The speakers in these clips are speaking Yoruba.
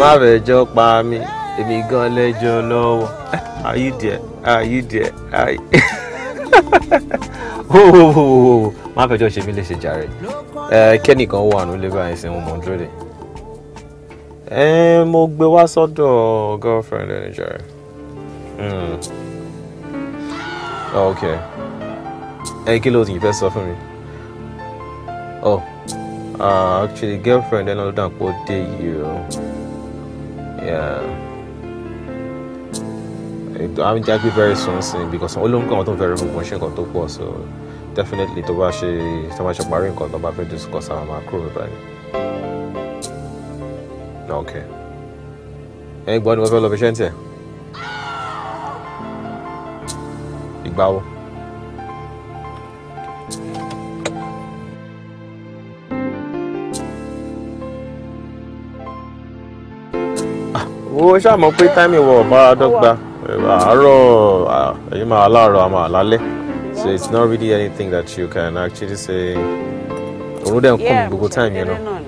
má rẹjọ́ pa mi èmi gan lẹ́jọ́ lọ́wọ́ are you there are you there are you ooo má fẹjọ́ ṣe mí léṣe jàre kẹ́nìkan wà nílé báyìí sí wọn mọ̀ ń dúró de mo gbé wá sọ́dọ̀ girlfriend ẹni jàre hmm. oh, ok ẹ kí ló ti fẹ́ sọ fún mi oh ah, actually girlfriend ẹni ọdún àpò dé yìí o yeah a ń jágbe very soon sin because all of them kọ́ àwọn tó ń fẹ́ rẹ́fún fún ṣe so definitely tó bá ṣe tó bá ṣe parí nǹkan tó bá fẹ́ discuss àwọn máa kúrò nípa ni. ok ẹ̀yin gbọ́ ni wọ́n fẹ́ wo ṣáà pé táìmì wọ̀ bára dọ́gba àárọ̀ máa láàárọ̀ àmọ́ àlálẹ́ so it's not really anything that you can actually say òun dẹ̀ ń kún mi gbogbo time yẹn náà.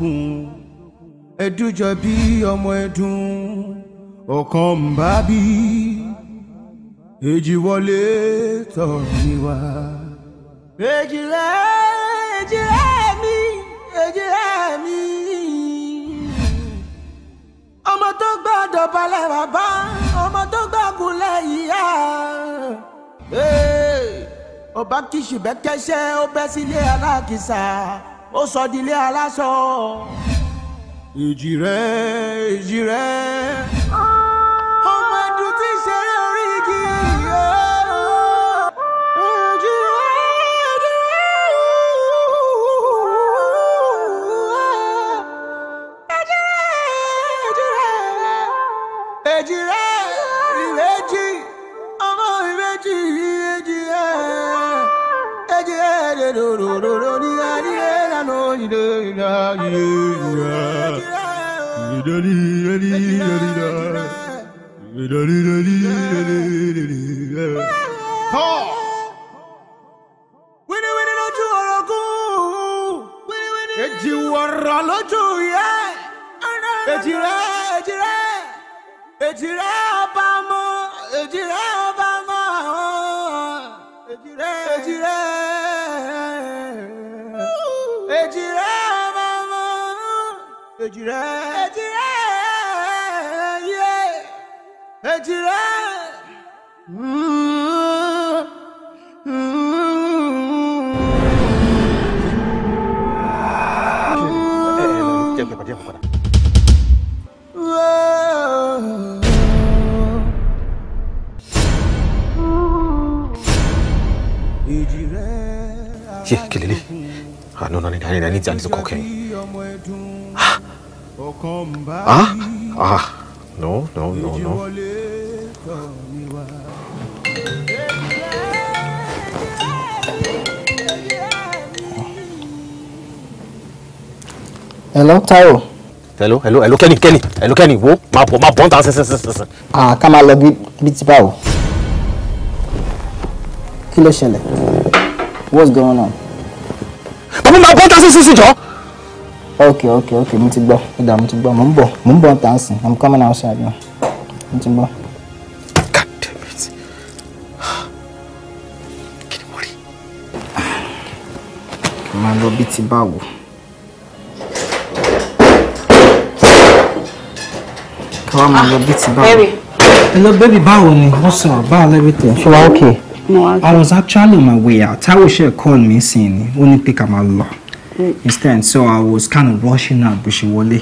lókun ẹdújọ bí ọmọ ẹdùn ọ̀kan ń bá bí èjì wọlé tọ̀rìn wá. èjìlá èjìlá mi èjìlá mi ọmọ tó gbọ́dọ̀ balẹ̀ bàbá ọmọ tó gbàgùnlẹ̀ ìyá ọba kìsì ó bẹ́ sílé alákìsà ó sọ dilé aláṣọ. èjì rẹ̀ èjì rẹ̀. hello hello hello kẹ́ni kẹ́ni hello kẹ́ni wo máa bọ̀ máa bọ̀ ń ta sẹ́sẹ́sẹ́sẹ́. à ah, ká máa lọ bí ti báwo kí ló ṣẹlẹ̀ what's going on. bàbá máa bọ̀ ń ta sẹ́sẹ́sẹ́ jọ. ok ok ok mo ti gbọ́ mo dà mo ti gbọ́ mo ń bọ̀ mo ń bọ̀ ń ta sí i'm coming outside now mo ti gbọ́. máa lọ bí ti báwo. káwá máa hello baby báwo ni what's up báwo everything She wàá okay. I was actually on my way out táwọn ṣe call me sin ni ó ní pé ká máa lọ mm. instead so I was kind of rushing out bó ṣe wọlé.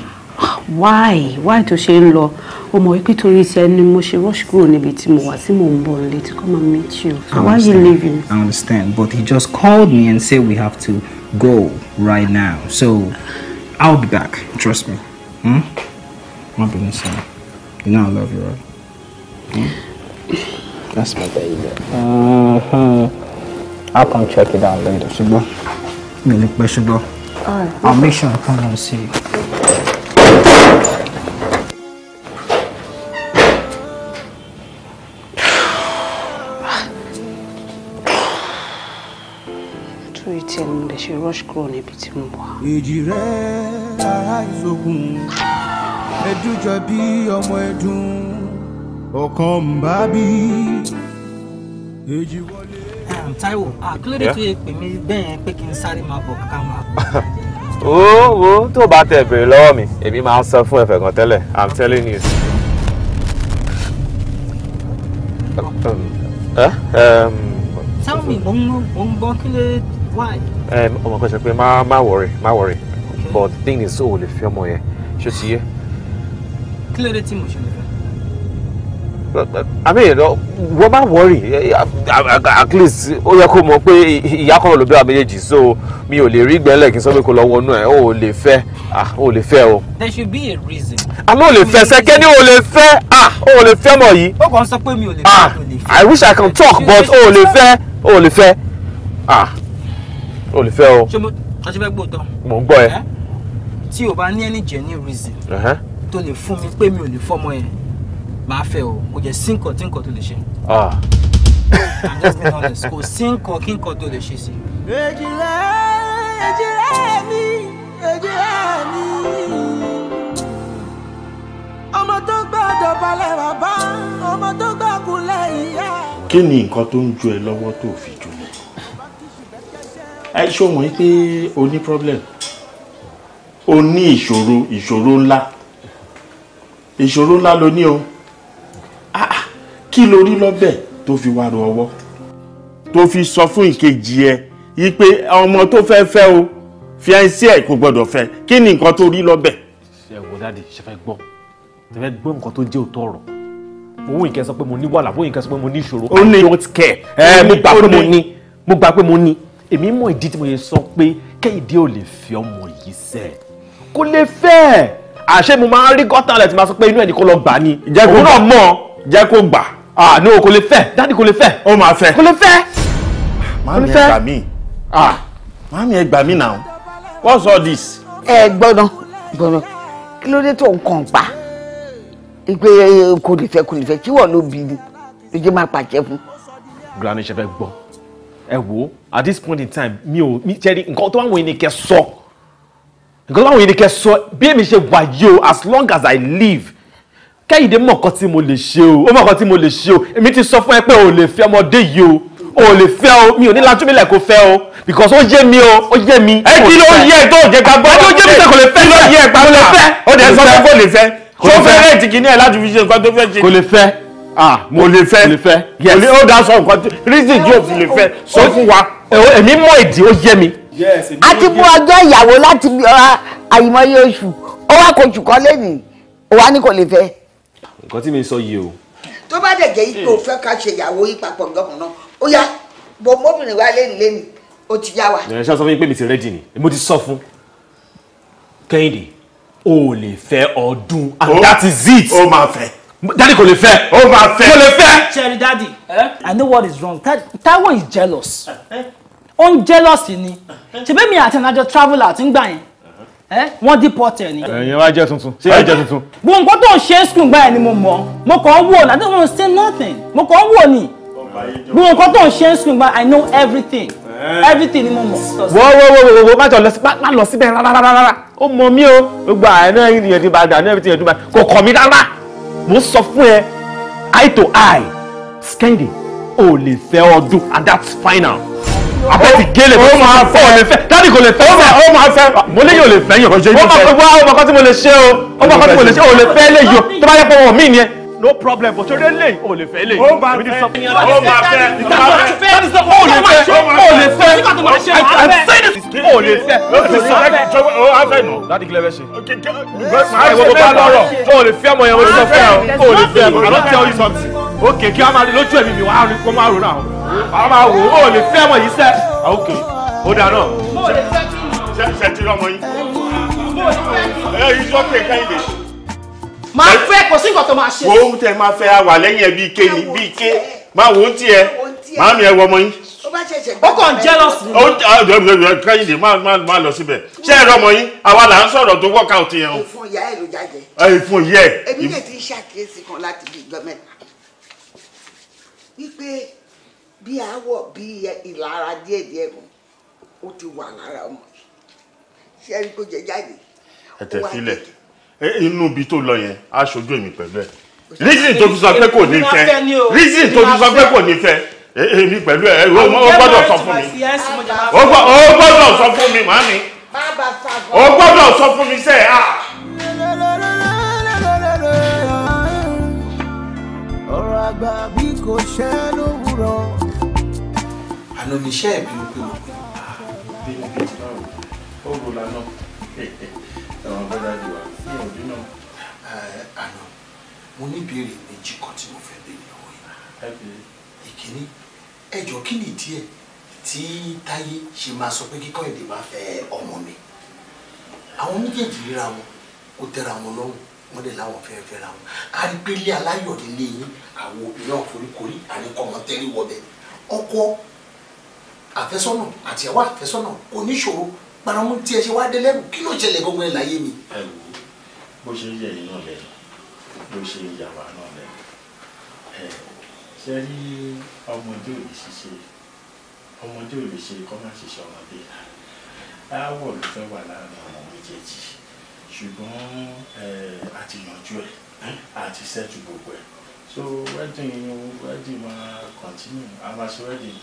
why why tó ṣe ń lọ o mọ̀ wípé torí ti ẹni mo ṣe rush go. níbi tí mo wà tí mò ń bọ̀ nílé to come and meet you so why you leaving. I understand but he just called me and said we have to go right now so I'll be back trust me. Hmm? I'll be inside. You know I love you, right? Hmm? That's my baby. Uh-huh. I'll come check it out later. Sugar. Me look by sugar. All I'll make sure I come and see you. ṣe rush kúrò níbi tí mo ẹdújọ bí ọmọ ẹdùn ọkàn ń bá bí èjì wọlé. Táíwò àkílódé tó yẹ pè mí bẹ́ẹ̀ pé kí n sáré máa bọ̀ ká máa bọ̀. wo wo tó bá tẹ bèrè lọ́wọ́ mi èmi máa ń sọ fún ẹ̀fẹ̀ kan tẹ́lẹ̀ i'm telling you. Um, um, tell me mo ń mo ń gbọ́ kí why. Um, ọmọ kan ṣe pé má má worry má worry but thing is o ò fi ọmọ yẹn ṣó ti yẹ kí ló I mean, wọ́n máa worry at least ó yẹ kó mọ̀ pé ìyá kan ló bí so mi ò lè rí gbẹ́lẹ̀ kí n sọ pé kó lọ wọnú ẹ̀ ó ah ó lè fẹ́ ah, there should be a reason. àmọ́ ah, ò lè fẹ́ sẹ́kẹ́ ni ò lè fẹ́ ah ò lè fẹ́ mọ̀ ah I wish I can talk but oh, lè fair. Oh, lè fair. ah oh, lè fair. Oh. ṣé mo ṣe fẹ́ any genuine reason. Uh -huh tó lè fún mi pé mi ò lè fọmọ yẹn máa fẹ́ o kò jẹ́ sí nǹkan tí nǹkan tó lè ṣe. Ah. kò sí nǹkan kí nǹkan tó lè ṣe sí. èjìlá èjìlá mi èjìlá mi ọmọ tó gbọ́dọ̀ balẹ̀ bàbá ọmọ tó gbàkúlẹ̀ ìyá. kí ni nǹkan tó ń ju ẹ lọ́wọ́ tó fi jù mí ẹ ṣó mọ̀ pé o ní problem o ní ìṣòro ìṣòro ńlá ìṣòro ńlá ló ní o ah, ah, kí ló rí lọ́bẹ̀ tó fi wá ro ọwọ́ tó fi sọ fún ìkejì ẹ yí pé ọmọ tó fẹ́ fẹ́ o fiancé ẹ̀ kò gbọ́dọ̀ fẹ́ kí ni nǹkan tó rí lọ́bẹ̀. ẹ wo dáàdi ṣe fẹ́ gbọ́ ṣe fẹ́ gbọ́ nǹkan tó jẹ́ òótọ́ ọ̀rọ̀ owó ìkẹ́ sọ pé mo ní wàhálà owó ìkẹ́ sọ pé mo ní ìṣòro i don't care ẹ mo gbà pé mo ní mo gbà pé mo ní èmi mọ ìdí tí mo yẹ sọ pé kẹ́hìndé ò lè fi ọmọ yìí sẹ́ẹ̀ kò lè fẹ́ẹ̀ àṣé mo máa rí gọ́tà lẹ́tì máa sọ pé inú ẹ̀ ní kó lọ gbà ni òun náà mọ̀ jẹ́ kó gbà. ah no kò lè fẹ́ dáàdi kò lè fẹ́. ó máa fẹ́ kò lè fẹ́. màámi ẹ gbà mí ah màámi ẹ gbà mí now what's all this. ẹ gbọ́dọ̀ gbọ́dọ̀ kí ló dé tó nǹkan pa ìpè kò lè fẹ́ kò lè fẹ́ kí wọ́n ló bí ló jẹ́ máa pàṣẹ fún. granny ṣe fẹ́ gbọ́ ẹ wo at this point in time mi ò mi jẹ́rìí nǹkan tó wà wọ̀nyí ni kẹ́ sọ. So nǹkan láwọn yìí ni kẹ́ sọ bí èmi ṣe wà yìí o as long as I live kẹ́yìndé mọ̀ nǹkan tí mo lè ṣe o ó mọ̀ nǹkan tí mo lè ṣe o èmi ti sọ fún ẹ pé o lè fẹ́ ọmọdé yìí o o lè fẹ́ o mi ò ní lajú mi lẹ́kọ̀ọ́ fẹ́ o because ó yé mi o ó yé mi. ẹ kí ló yẹ tó jẹ gbàgbọ́ ẹ kí ló yé mi tẹ kò lè fẹ́ kí ló yẹ gbàgbọ́ lè fẹ́ ó dẹ̀ sọ fún kò lè fẹ́ tó fẹ́ rẹ̀ ti kì ní ẹ̀ láti fi ṣe nǹkan tó fẹ́ ṣe. kò lè fẹ́ ah mo lè fẹ́ mo lè fẹ́ yes ó dá sọ nǹkan reason yóò fi lè fẹ́ sọ fún wa. èmi mọ ìdí ó yé mi a ti mú ọjọ́ ìyàwó láti àyìmọ́yé oṣù ó wá kojú kan lẹ́nìí ó wá ní kò lè fẹ́. nǹkan tí mi sọ yìí o. tó bá dẹ̀ jẹ́ ipò fẹ́ ká ṣe ìyàwó yìí papọ̀ ǹgbọ̀n náà ó yá bò mọ́bìnrin wa lẹ́nìí lẹ́nìí ó ti yá wa. ìrìnàṣà sọ fún mi pé mi ti rẹ́dì ni mo ti sọ fún Kẹ́hìndé o ò lè fẹ́ ọdún and oh. that is it. ó máa fẹ́ daddy kò lè fẹ́. ó máa fẹ́. kò lè fẹ́. cherry daddy eh? i know what is wrong Taiwo is jealous. Eh, eh ó ń jealous ni ṣebí mi àti ẹnìyàjọ travel out ń gbà yẹn wọ́n deport ẹ̀ ni. ẹ̀yin wá jẹ́ tuntun ṣé ẹ jẹ́ tuntun. gbogbo nǹkan tó ń ṣe é school gbà yẹn ni mo mọ̀ mo kàn ń wò ní i don't want to say nothing mo kàn ń wò ní gbogbo nǹkan tó ń ṣe é gbà i know everything everything ni mo mọ̀. wọ́ọ́ wọ́ọ́ wọ́ọ́ wọ́ọ́ má lọ síbẹ̀ rárá rárá ó mọ mí o gbogbo àná ìyẹn ti bá dà ní everything yẹn ti bá kò kọ̀ mí rárá mo sọ fún ẹ eye to eye Skendi ò lè fẹ́ ọdún and that's final àbẹ̀tì gélé mo máa fẹ́ ọ lè fẹ́ dáàdì kò lè fẹ́ ọ ọ máa fẹ́ mo léyìn ò lè fẹ́ yàn ọjọ́ ìbí fẹ́. ó máa kọ́ tí mo lè ṣe o ó máa kọ́ tí mo lè ṣe o lè fẹ́ léyìí o tó bá yẹ pé wọn mí ni ẹ. no problem bó torí lè o lè fẹ́ léyìí. ó máa fẹ́ ó máa fẹ́ ó lè fẹ́ ó lè fẹ́ ó lè fẹ́ ó fẹ́ nù. dáàdì kí lè fẹ́ ṣe. àìwọ̀ bó bá lọ́rọ̀ ó lè fẹ́ ọmọ yẹn mo ti sọ fẹ́ o ó lè fẹ́ I don tell you something òkè kí wọ́n máa rí lójú ẹ̀mí mi wàá rí kó máa rò náà àwọn máa wò ó lè fẹ́ mọ̀ yìí sẹ́ òkè ó dáa náà. ṣe ti rọmọ yín. ẹ yí sókè kẹ́hìndé. máa fẹ́ kò sí nǹkan tó máa ṣe. wo ohun tẹ máa fẹ́ wà lẹ́yìn ẹ bíi ké ni bíi ké máa wò ó tiẹ̀ máa mi ẹ wọ ọmọ yín ó kàn jealous ni. ó jọ jọ lọ síbẹ̀ ṣé ẹ rọmọ yín àwa là ń sọ̀rọ̀ tó work out yẹn o. ìfún ìyá ẹ ló jáde. ìfún ìyá ẹ. èmi wípé bí àwọ̀ bí ìlara díẹ̀ díẹ̀ kan ó ti wà lára ọmọ yìí ṣé ẹni kó jẹ jáde. ẹ tẹ sílẹ̀ inú ibi tó lọ yẹn á ṣojú èmi pẹ̀lú ẹ reason tó fi sọ pé kò ní fẹ́ reason tó fi sọ pé kò ní fẹ́ èmi e, pẹ̀lú ẹ o gbọ́dọ̀ sọ fún mi o gbọ́dọ̀ sọ fún mi màá mi o gbọ́dọ̀ sọ fún mi sẹ a. ọ̀rọ̀ àgbà bíi kò ṣẹ́ lówùrọ̀. àná ni iṣẹ́ ẹ̀ bí o pé o pé bíi bíi náà ó wò lánàá ẹ̀wọ̀n bọ́dá jù wá sí ọdún náà. Eh, àná mo ní ìbéèrè méjì kan tí mo fẹ́ béèrè lọ́wọ́ yìí. ìkíní ẹ jọ̀ọ́ kí nìdí ẹ̀ tí táyé ṣe máa sọ pé kíkọ́ èdè máa fẹ́ ọmọ mi àwọn méjèèjì ríra wọn kó tẹ́ra wọn lọ́rùn wọ́n dẹ̀ láwọn fẹ́ẹ́ fẹ́ra wọn a aláyọ̀ nílé yín àwọn obìnrin náà foríkorí àní kọ̀mọ́tẹ́rì wọbẹ̀ ọkọ àfẹ́sọ́nà àtìyàwó àfẹ́sọ́nà kò ní ṣòro paramu tí ẹ ṣe wá dé lẹ́rù kí ló ṣẹlẹ̀ gbọ́ngbọ́n ẹ̀ láyé mi. ẹ wò ó bó ṣe yẹ yín náà lẹ́nu bó ṣe yà wá náà lẹ́nu ẹ ṣe rí ọmọdé ò lè ṣiṣẹ́ ọmọdé ò lè ṣe kọ́ má ṣiṣẹ́ ọmọdé aáwọ̀ ló fẹ́ wà láàrin àwọn méjèèjì ṣùgbọ́n àtìyànjú ẹ̀ àti sẹ́tù gbogbo ẹ̀ so wedding wedding máa continue a máa ṣe wedding.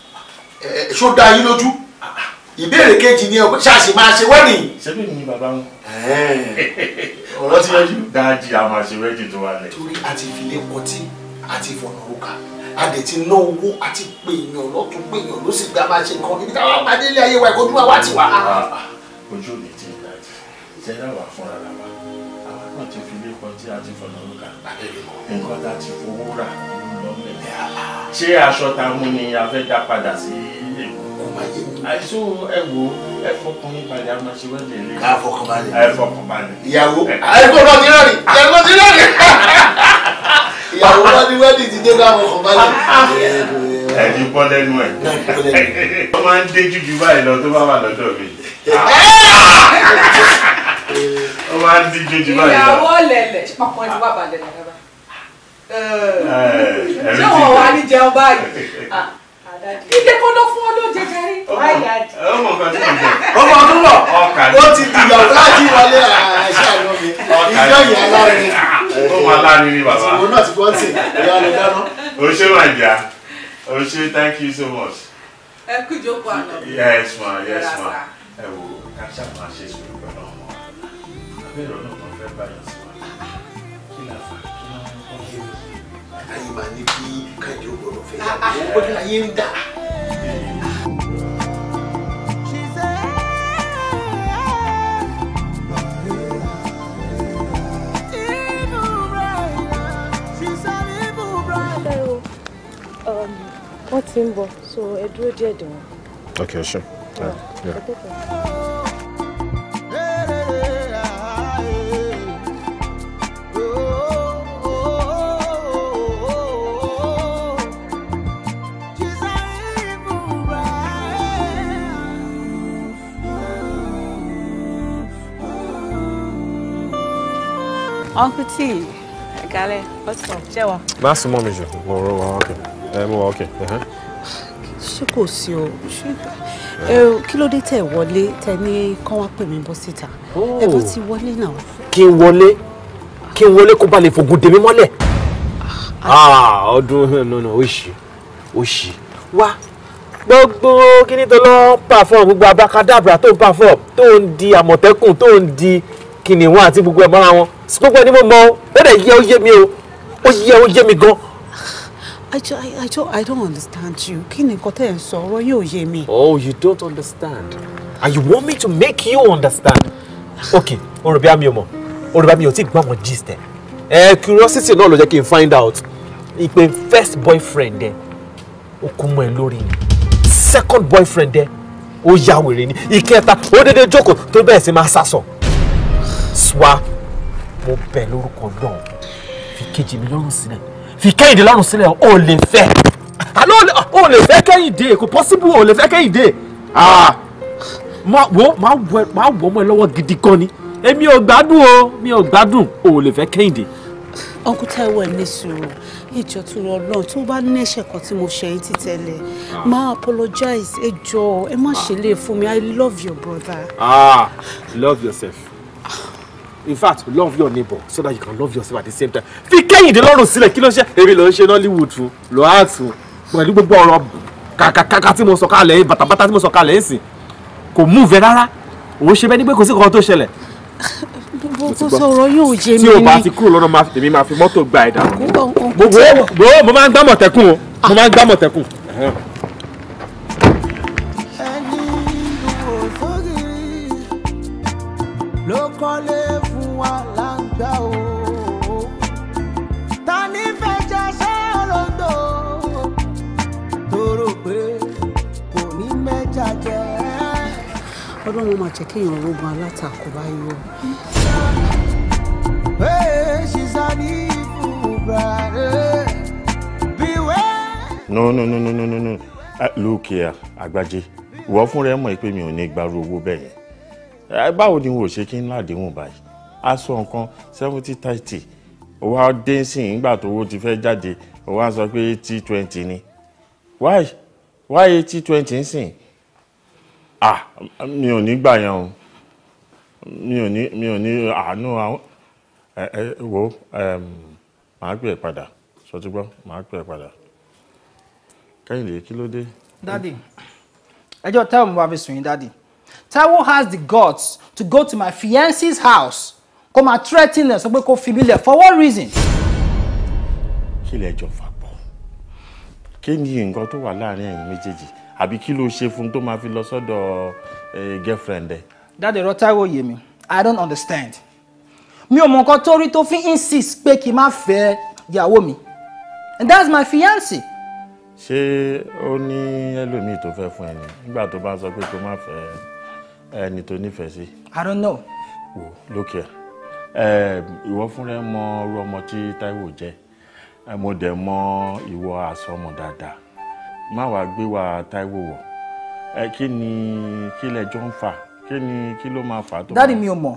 ẹ ṣó dá yín lójú ìbéèrè kejì ni ọgbẹ ṣáàṣì máa ṣe wedding. ṣebí mi ni bàbá wọn. ọ̀rọ̀ ti yọjú. dáàjì a máa ṣe wedding tó wà lẹ̀. torí a ti fi lé kọtí àti ìfọ̀nà òkà a dẹ̀ ti ná owó àti pèèyàn lọ́tún pèèyàn ló sì gba máa ṣe nǹkan ibi táwọn máa délé ayé wa ìkọjú wa wá ti wà. ojú mi ti ń dájú ṣẹlẹ wà fúnra la wa ti fi lékọ tí a ti fọ̀nà lóka nǹkan tá a ti fowó rà lọ́mọdé ṣé aṣọ tá a mú ni a fẹ́ dá padà sí èkó àìsó ẹ wo ẹ fọkùnrin balẹ̀ a máa ṣe wẹ́ẹ̀dẹ̀ lé ká fọkànbalẹ̀ ẹ fọkànbalẹ̀ ìyàwó àìkú náà ti rọrì ìyàwó ti rọrì ìyàwó wọn ni wẹ́ẹ̀dì ti dé ká fọkànbalẹ̀ ẹni bọ́ lẹ́nu ẹ̀ ó máa ń dé jújú báyìí lọ tó bá wà lọ́dọ̀ mi wá ń díje jù báyìí. ìyàwó lẹ̀lẹ̀ papọ̀ ẹ̀ ti wá balẹ̀ lára. ṣé wọn eh, wà ní jẹun báyìí? Ilé kan ló fún ọ ló jẹjẹ rí. Ọmọ nǹkan tí mo jẹ. Ọmọ ọdún lọ. Ọkà ni. Ó ti dìyà láti wọlé àṣà àná mi. Ìjọ ìyá alárin. Ọmọ alárin ah, ni bàbá. Ìṣòro náà ti gbọ́ sí ìyá rẹ̀ dáná. O ṣé màá jà. O ṣé thank you so much. Ẹ kú ìjókòó àná. Yes ma, yes ma. Ẹ wo ká ṣàmà ṣe sùúrù pẹ̀lú ìrọ̀ náà kan fẹ́ báyìí sí wa la fà kí la ni. àyè máa ní kí kájí ògbọ́dọ̀ fẹ́ yà wọ́n ó kọjá ayé um, wọ́n ti ń bọ̀ so ẹ dúró díẹ̀ dè wọ́n. okay sure. Ah, yeah. Yeah. Yeah. Uncle T, Gale, what's up? Jewa. That's the mommy, Joe. Well, okay. Um, well, okay. Uh-huh. Ṣé kò sí o? Kí ló dé tẹ̀ wọlé tẹ ní kán wá pè mí bọ́ síta? Ẹ bó ti wọlé náà. Kí n wọlé kí n wọlé kó ba lè fògùn dèmí mọ́lẹ̀. Ah, ọdún nínú oṣì oṣì wá gbogbo kíní tó lọ ń pàfọ́ọ̀mù gbogbo abakadabra tó ń pàfọ́ọ̀mù tó ń di àmọ̀tẹ́kùn kìnìún àti gbogbo ẹ̀ wọn gbogbo ẹni mo mọ o ó dẹ̀ yẹ ó yé mi o ó yẹ ó yé mi gan. I I don't understand you. Kí ni nǹkan tẹ́ ẹ̀ sọ ọ̀rọ̀ yóò yé mi? Oh, you don't understand. And you want me to make you understand? Okay, Orúbí àmì ọmọ, Orúbí àmì ò tí ì gbọ́ gist ẹ̀. Ẹ curiosity náà ló jẹ́ kí n find out. Ìpè first boyfriend ẹ̀ ó kú mọ́ ẹ lórí ni. Second boyfriend ẹ̀ ó yá wèrè ni. Ìkẹta ó dédé jókòó tó bẹ́ẹ̀ sì máa sásọ̀ swa mo bẹ̀ lórúkọ náà fi kejì mi lọ́rùn sílẹ̀ fi kẹ́hìndé lọ́rùn sílẹ̀ o lè fẹ́ o lè fẹ́ kẹ́hìndé kò possible o lè fẹ́ kẹ́hìndé ah! máa wọ ọmọ ẹ lọ́wọ́ gidi gan ni èmi ò gbádùn o mi ò gbádùn o lè fẹ́ kẹ́hìndé. uncle taiwo ẹ ní sùúrù ìjọ tó rọ náà tó bá ní ẹ̀ṣẹ̀ kan tí mo ṣe yín ti tẹ́lẹ̀ ah. máa apologize ẹ jọ̀ọ́ ẹ má ṣe lè fún mi i love your brother. ah love yourself in fact love your neighbor so that you can love yourself at the same time fi kẹ́yìndé lọ́rùn sílẹ̀ kí ló ń ṣe èmi ló ń ṣe nollywood lọ́ àtún pẹ̀lú gbogbo ọ̀rọ̀ kàkàkàkà tí mo sọ kalẹ̀ bàtàbàtà tí mo sọ kalẹ̀ ẹ̀sìn kò múùfẹ́ rárá òun ṣe bẹ́ẹ̀ ni pé kò sí nǹkan tó ṣẹlẹ̀. gbogbo sọ̀rọ̀ yóò jẹ mi ni. tí o bá ti kúrò lọ́nà èmi máa fi mọ́tò gba ẹ̀dá. gbogbo mo máa ń gbá mọ̀tẹ́kùn o mo máa ń gbá mọ̀tẹ́kùn. ló kọ́lé ọlọ́run máa jẹ́ kéèyàn rogun alátakò báyìí o. no no no no no no no ah, look here Agbaje. ìwọ fún rẹ mọ̀ pé mi ò ní gbaru owó bẹ́ẹ̀ yẹn eh, báwo ni n ò ṣe kí n ládéhùn báyìí a sọ nǹkan seventy thirty wa dé sí ìgbà tó owó ti fẹ́ jáde wa sọ pé eighty twenty ni why why eighty twenty ń sìn ah mi ò ní gbà yẹn o mi ò ní mi ò ní àánú àwọn ẹ ẹ wo màá pè é padà sọtúgbọ́ màá pè é padà kẹ́hìndé kí ló dé. dadi ẹjọ́ táwọn mo bá fi sùn yín dadi Taiwo has the guts to go to my fiance's house kó máa threaten ẹ sọ pé kó fi mí lẹ̀ for what reason. kí lẹ jọ fà pọ̀ kí ni nǹkan tó wà láàrin ẹ̀yin méjèèjì àbí kí ló ṣe fún tó máa fi lọ sọ́dọ̀ girlfriend ẹ̀. dáàdì ọ̀rọ̀ yé mi i don't understand mi ò mọ nǹkan tó rí tó fi insist pé kí n má fẹ́ ìyàwó mi and that's my fiance. ṣé ó ní ẹlòmíì tó fẹ́ fún ẹ ni nígbà tó bá sọ pé kó má fẹ́ ẹni tó nífẹ̀ẹ́ sí. i don't know. wò lókè ẹ ìwọ fúnra ẹ mọ irú ọmọ tí Táíwò jẹ́ mo dẹ̀ mọ ìwọ àsọmọ dáadáa má wàá gbé wa Táíwò wọ̀ ẹ kí ni kí lẹjọ́ ń fà kí ni kí ló máa fà tó. dáàdi mi ò mọ̀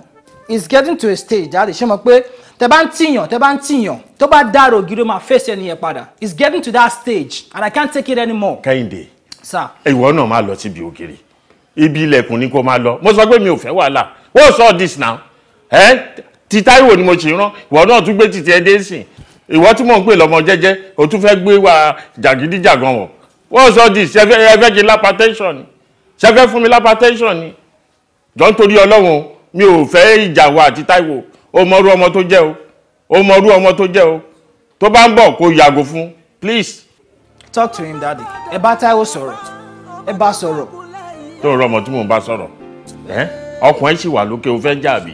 it's getting to a stage dáàdi ṣé mo pé tẹ bá ń tìyàn tẹ bá ń tìyàn tó bá dára ògiri ó máa fèsì ẹni yẹn padà it's getting to that stage and I can't take it anymore. Kẹ́hìndé ìwọ náà máa lọ síbi ògiri ibi ilẹ̀kùn ni kò máa lọ mo sọ pé mi ò fẹ́ wàhálà what's all this now ẹ ti Táíwò ni mo ṣe rán ìwọ náà tún gbé títí ẹ dé sìn ìwọ tí mò ń pè lọ́mọ jẹ́jẹ́ o tún fẹ́ gbé wa jàgídíjàgan wọ̀ what's all this ṣe fẹ́ kí lápátẹ́ṣọ̀n ni ṣe fẹ́ fún mi lápátẹ́ṣọ̀n ni jọ ń torí ọlọ́run mi ò fẹ́ ìjàwó àti táìwò ó mọrú ọmọ tó jẹ́ o ó mọrú ọmọ tó jẹ́ o tó bá ń bọ̀ kó yàgò fún please. talk to him daddy ẹ bá táìwò sọ̀rọ̀ ẹ bá sọ̀rọ̀. tó rọ ọmọ tí mò ń bá sọ̀rọ̀ ẹ ọkùnrin sì wà lókè o fẹ́ jà bí.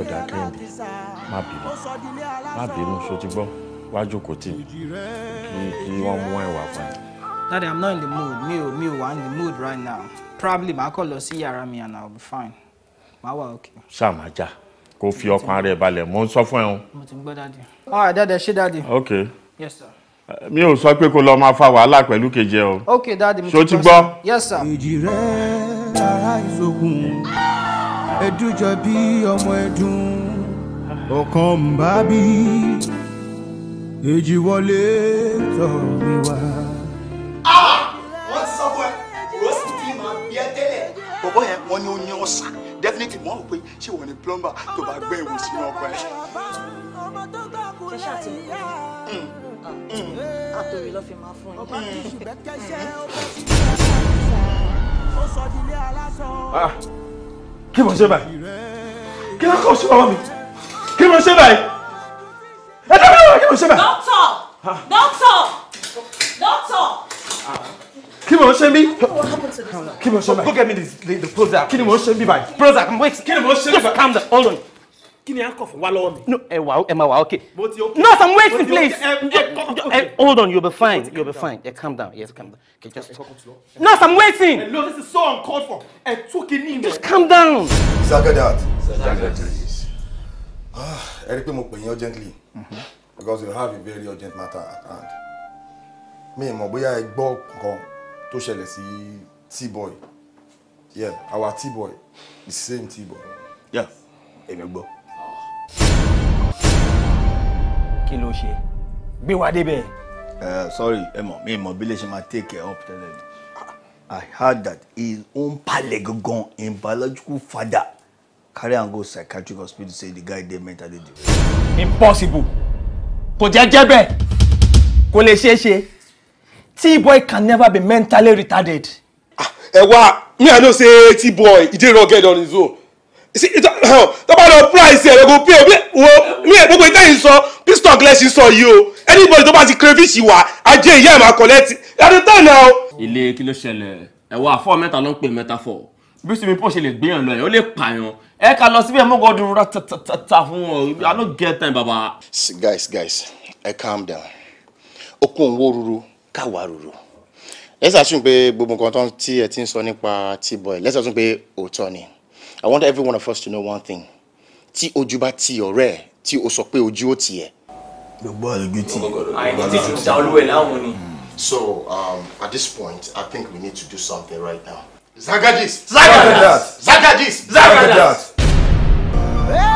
ọ̀dà kẹ́hìndé má bínú má bínú ṣó ti gbọ́ wá jókòó tì kí wọ́n mú ẹ̀wà fún Daddy, I'm not in the mood. Mi ò mi ò wà in the mood right now. Probably màá kọ̀ lọ sí yàrá mi and I'll be fine. Màá wà okay. Ṣàmájà kò fi ọkàn rẹ̀ balẹ̀ mò ń sọ fún ẹ o. Mo ti gbọ́ dáàdì. All right, dáàdì ṣé dáàdì. Okay. Yes sir. Mi ò sọ pé kó lọ máa fa wàhálà pẹ̀lú kejì ẹ o. Okay dáàdì mo ti gbọ́. Yes sir. Ìjì rẹ̀ ara ìṣògùn ẹdújọ bí ọmọ ẹdùn ọkàn ń bá bí èjì wọlé tọ̀ mí wá. wọ́n ti sọ fún ẹ kò sì ti máa bí ẹ tẹ́lẹ̀. bọ̀bọ̀ yẹn wọ́n ní ó ní ọ̀sà definitely wọ́n rò pé ṣé wọ́n ní plumber tó bá gbé ìwò sínú ọkọ ẹ̀. ṣẹṣẹ àti ìwé àtòrí ló fi máa fún yín. Mm. Ah! kí mo ṣe báyìí kí ló kọ́ sí ọwọ́ mi kí mo ṣe báyìí kí ló ń ṣe bẹ́ẹ̀. dókítà dókítà dókítà. kí ló ń ṣe bí. kí ló ń ṣe báyìí. go get me the the Prozac. kí on, mo ń ṣe bí báyìí. Prozac wait. kí ni mo ń just calm down hold on kí ni handcuff wá lọ́wọ́ no eh? wà Emma ma okay. No, i'm waiting please. hold on you'll be fine you'll be fine ẹ calm down yes calm down okay just. No, i'm waiting. hello this is so uncalled for ẹ took it in. just calm down. zagadat zagadat ah, ẹ rí i pé mo pè yín urgently. Mm -hmm because you have a very urgent matter at hand mi mọ̀ bóyá ẹ gbọ́ nǹkan tó ṣẹlẹ̀ sí t-boy yeah our t-boy the same t-boy. yeah èmi gbọ́. kí ló Be gbé wa Uh, sorry ẹ mọ̀ mi mọ̀ bí take care of take up I heard that his own pale gangan biological father carry and go psychiatric hospital to say the guy dey mentally depressed. impossible kò jẹ́ jẹ́ bẹ́ẹ̀ kò lè ṣeé ṣe T-boy can never be mentally retarded. Ah, ẹ wá mi i know say T-boy e dey rugged on his own tọ́ba uh, lọ price ẹ̀ lọ́gọ́ pay wo mi ẹ̀ gbogbo ìtẹ́yìn sọ pistol glace sọ yìí o anybody tó bá ti crayfish wà ajé ìyá ẹ̀ máa collect at the time now. ilé kí ló ṣẹlẹ̀ ẹ̀wọ̀ àfọ̀ mẹ́ta ló ń pè mẹ́ta fọ̀ bí sinmi pọ̀ ṣe lè gbéyàn lọ ẹ̀ ó lè pààyàn ẹ ká lọ síbẹ̀ mọ́kọ́ dúró tata fún ọ i no get time baba. guys guys ẹ calm down okun owó ruru káwa ruru let's assume pé gbogbo nǹkan tán tí ẹ ti ń sọ nípa T-Boy let's assume pé òótọ́ ni i want every one of us to know one thing tí ojú bá ti ọ̀rẹ́ ẹ̀ tí o sọ pé ojú ó tiẹ̀. gbogbo àlejò tí. àìní tí ju ta olúwẹ̀ láwọn ni. so um, at this point i think we need to do something right now. Zagadis! Zagadis! Zagadis! Zagadis! Zagadis!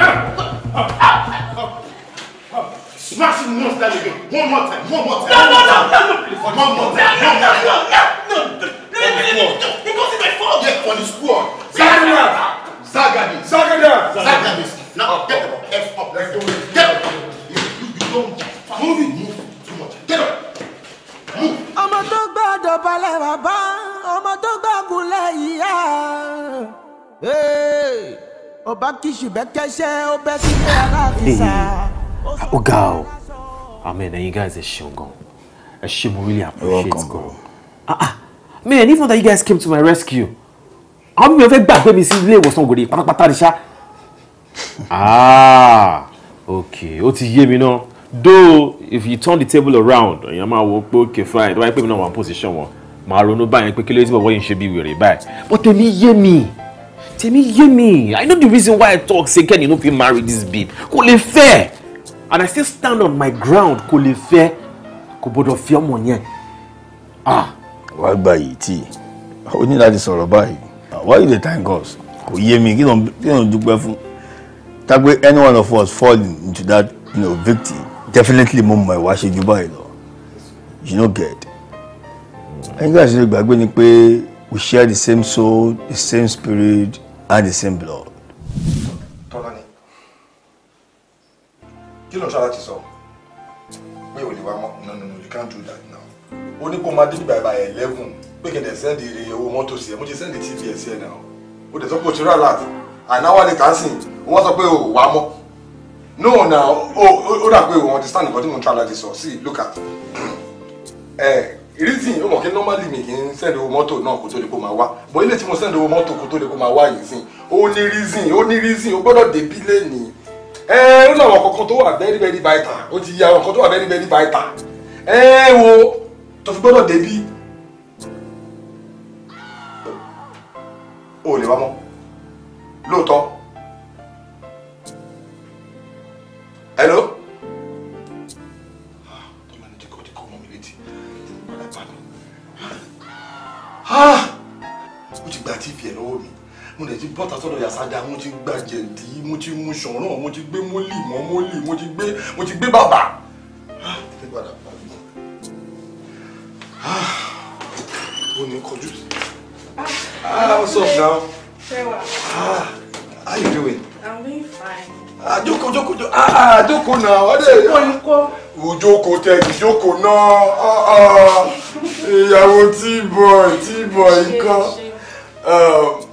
Smash him once that again. One more time. One more time. No, no, no, no, no. One more time. No, no, no, no, no. Because it's my fault. Yeah, for the squad. Zagada. Zagadi. Zagada. Zagadi. Now get the F up. Let's do it. Get up. You, you, you don't just move it. Move too much. Get up. ọmọ tó gbọ́dọ̀ balẹ̀ bàbá ọmọ tó gbàgùn lẹ̀ yíyá ọba kìsù amen and you guys are ṣeun gan ẹ ṣe really appreciate gan ah ah man Even that you guys came to my rescue I'm mi ò fẹ́ gbàgbé see. sí ilé ìwòsàn ògòdì pátápátá ni ṣá. ah okay What ti yé mi náà though if you turn the table around your máa will. pé okay fine Why bá yẹ pé mi position wọn màá ronú quickly. pé kí ló dé tí bàbá yìí ń ṣe bí me, báyìí but tèmi yé mi i know the reason why i talk say kenny no fit marry this babe kò lè fẹ́ and i still stand on my ground kò lè fẹ́ kò gbọdọ̀ fi ọmọ yẹn. Ah. wàá gba yìí tí ó ní láti sọ̀rọ̀ báyìí ah, why you dey thank us kò yé mi kí ló ń dúpẹ́ fún tagbe any one of us falling into that you know, victim definitely mo mọ ìwà ṣe ju báyìí lọ you no get ẹni tí a ṣe gbàgbé ni pé we share the same soul the same spirit had the same blood. Tọ́lání, kí ló ń ṣára ti sọ? Pé ò lè no no no, you can't do that now. Ó ní kó máa dé bíbá ìbá eleven pé kẹ̀dẹ̀ sẹ́ndì ire owó mọ́tò sí ẹ̀, mo ti TV here now. We náà. Ó dẹ̀ sọ And now ti can see. ànáwó àlè kàn sìn, ó wá sọ pé o wá mọ́. No na, ó dà pé o understand nǹkan tí mo ń tra láti see look at. Ẹ eh, reason o mọ̀ kí normally mi kì í send mọ́tò náà kó tó lè kó máa wá bọ́ ilé tí mo send mọ́tò kó tó lè kó máa wá yìí sìn ó ní reason ó ní reason ó gbọ́dọ̀ débí lẹ́nìí ẹ ó ní àwọn kankan tó wà very very vital ó ti yẹ àwọn kan tó wà very very vital ẹ wo tó fi gbọ́dọ̀ débí o lè wá mọ́ lóòótọ́. gbàjẹ̀dí mo ti mu ṣọ̀ràn mo ti gbé mólì mọ́ mólì mo ti gbé mo ti gbé bàbà. Ah, ó ní kọjú. ah what's up now. Ah, how you doing. i'm doing fine. ah joko, jókòó jókòó ah, ah oh, jókòó náà ọdẹ. jókòó ń kó. joko tẹ Ah, ah. ìyàwó tí bọ̀ tí bọ̀ ikọ́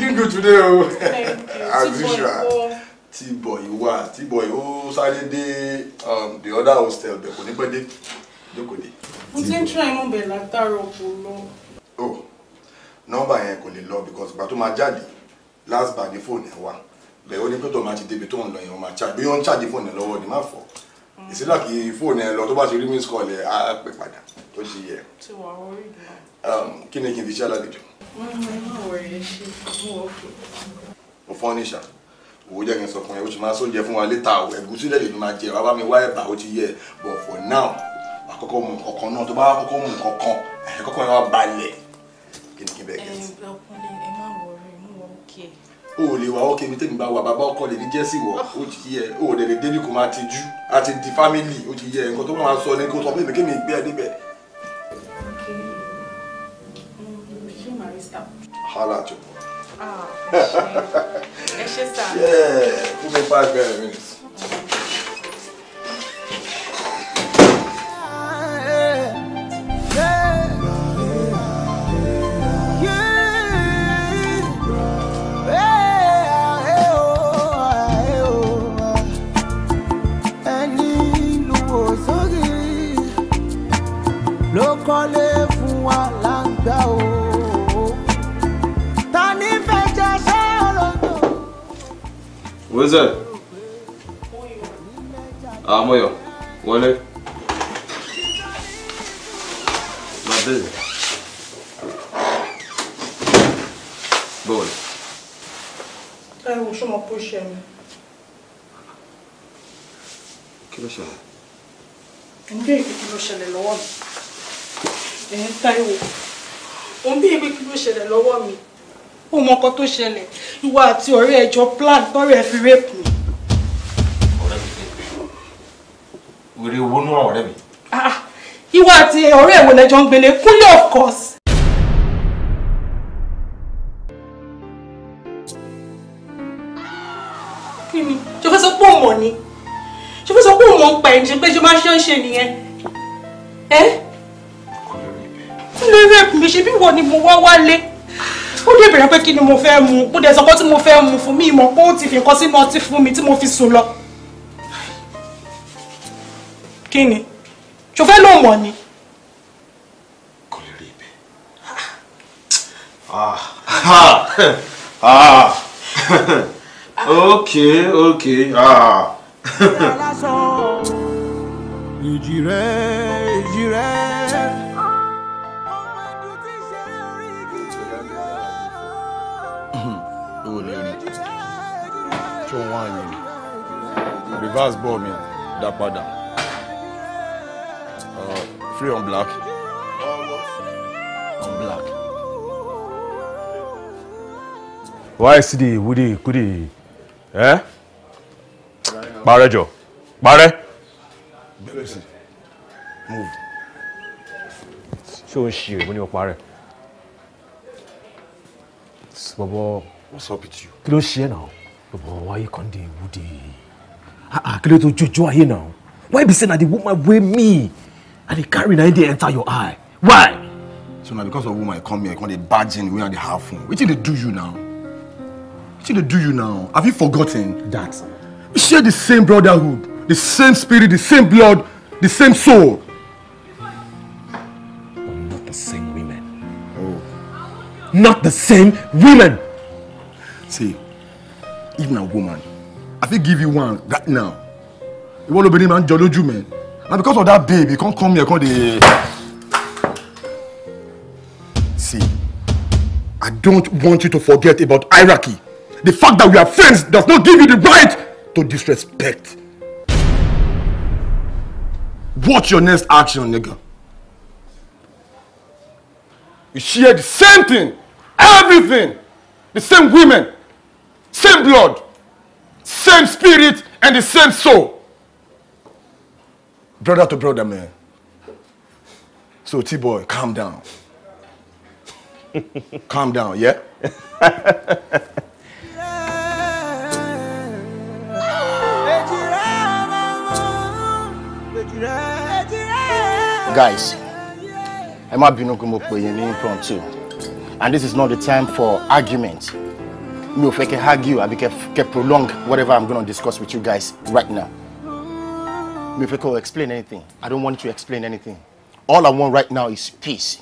looking good today o. as usual t-boy wa t-boy oh Saturday. Um, the other hostel the kò ní the, dé jókòó dé. mo ti ń tún àìmọ̀ bẹ̀ látàrọ̀ kò lọ. o because ìgbà tó máa jáde last by the phone wà bẹ́ẹ̀ only ní pé tó máa ti débi tó ń charge bí wọ́n ń charge the phone lọ́wọ́ ni má fọ́ ìsílà mm. kì í fóònù ẹ̀ lọ tó bá ti rí miss call ẹ̀ á pè padà tó ṣe yẹ. ti wà orí Um, kí ni kí n fi ṣe alálejò. Mm, mo fọ́n ní ìṣà òwò jẹ́ kí n sọ fún ẹ ó ṣe máa sóúnjẹ fún wa létà àwọ̀ ẹ̀gúsí lẹ́yìn ló máa jẹ wàá bá mi wá ẹ̀bà ó ti yẹ but for now àkọ́kọ́ mu nǹkan kan náà tó bá kọ́kọ́ mu nǹkan kan ẹ̀ kọ́kọ́ yẹn wá balẹ̀ kí ni kí n bẹ̀ kẹ́sì. ẹ̀yin ọkùnrin ẹ má wọrí mú wọn kí ẹ o lè wà ókè mi tèmi bá wà bàbá ọkọ lè ní jẹ́sì wọ̀ ah. ó ti yẹ o lè lè débi kò máa ti jú àti di fámìlì ó ti yẹ nǹkan tó máa sọ ní kó sọ pé èmi kémi gbé ẹ níbẹ̀ wàhálà tó pọ̀. Ah, ẹ ṣe sá. yeah give me five minutes. Who is it? Ah, Moyo. Wale. Not busy. Bọ́ọ̀lù. Ẹ wo ṣọmọ pé ó ṣe mi. Kí ló ṣẹlẹ̀? Ǹjẹ́ ìpè kí ló ṣẹlẹ̀ lọ́wọ́ mi? ó mọ nǹkan tó ṣẹlẹ̀ ìwà àti ọ̀rẹ́ ẹjọ́ plan tọ́rẹ́ ẹ fi rape mi. ọ̀rẹ́ mi lè wèrè owó náà ọ̀rẹ́ mi. Ah, ah. ìwà àti ọ̀rẹ́ ẹ̀wò lẹ́jọ́ ń gbélé kúnlé of course. kí ni ṣe fẹ́ sọ pé òun mọ̀ ni ṣe fẹ́ sọ pé òun mọ̀ ń pa ẹ̀ ṣe pé ṣe máa ṣe ń ṣe nìyẹn. ẹ kúnlé rape mi ṣe bí wọ ni mo wá wálé ó dé bèrè pé kí ni mo fẹ́ mu mo dẹ̀ sọ́kọ́ tí mo fẹ́ mu fún mi ìmọ̀ pé ó ti fi nǹkan sínú ọtí fún mi tí mo fi sùn lọ. kí ni ṣòfẹ́ ló mọ̀ ni. kò lè rí ibẹ̀. Ah. Ah. Ah. Ok, ok, ìjì rẹ̀ ìjì rẹ̀. ṣó wá yìí reverse ball mi dá padà uh, free on black on black. ysd wúdi kúdi ẹ eh? parẹ jọ parẹ. bẹ́ẹ̀ sì move. ṣé o ń ṣe èrè mo ní o parẹ́ bọ́bọ́. what's up with you. kí ló ṣe náà. Bro, why you can't dey woody? Ah, ah, Kileto Jojo here now. Why be saying that the woman wey me? I dey carry na dey enter your eye. Why? So now because of woman I e come here, I e come dey barging wey I dey have fun. did they do you now? did they do you now? Have you forgotten that? We share the same brotherhood, the same spirit, the same blood, the same soul. But not the same women. Oh. Not the same women. See, even a woman i fit give you one right now You ìwọ lóbìnrin máa ń jọ lójú mẹ na because of that babe you come come here come dey see i don't want you to forget about hierarchy the fact that we are friends does not give you the right to disrespect watch your next action nigga you share the same thing everything the same women same blood same spirit and the same soul brother to brother man so t-boy calm down calm down yeah. guys ẹ má bínú pé mo pè yín ní impromptu and this is not the time for argument mi ò fẹ́ kẹ́ argue àbí kẹ́ prolong whatever i'm gonna discuss with you guys right now mi ò fẹ́ kẹ́ explain anything i don't want you to explain anything all i want right now is peace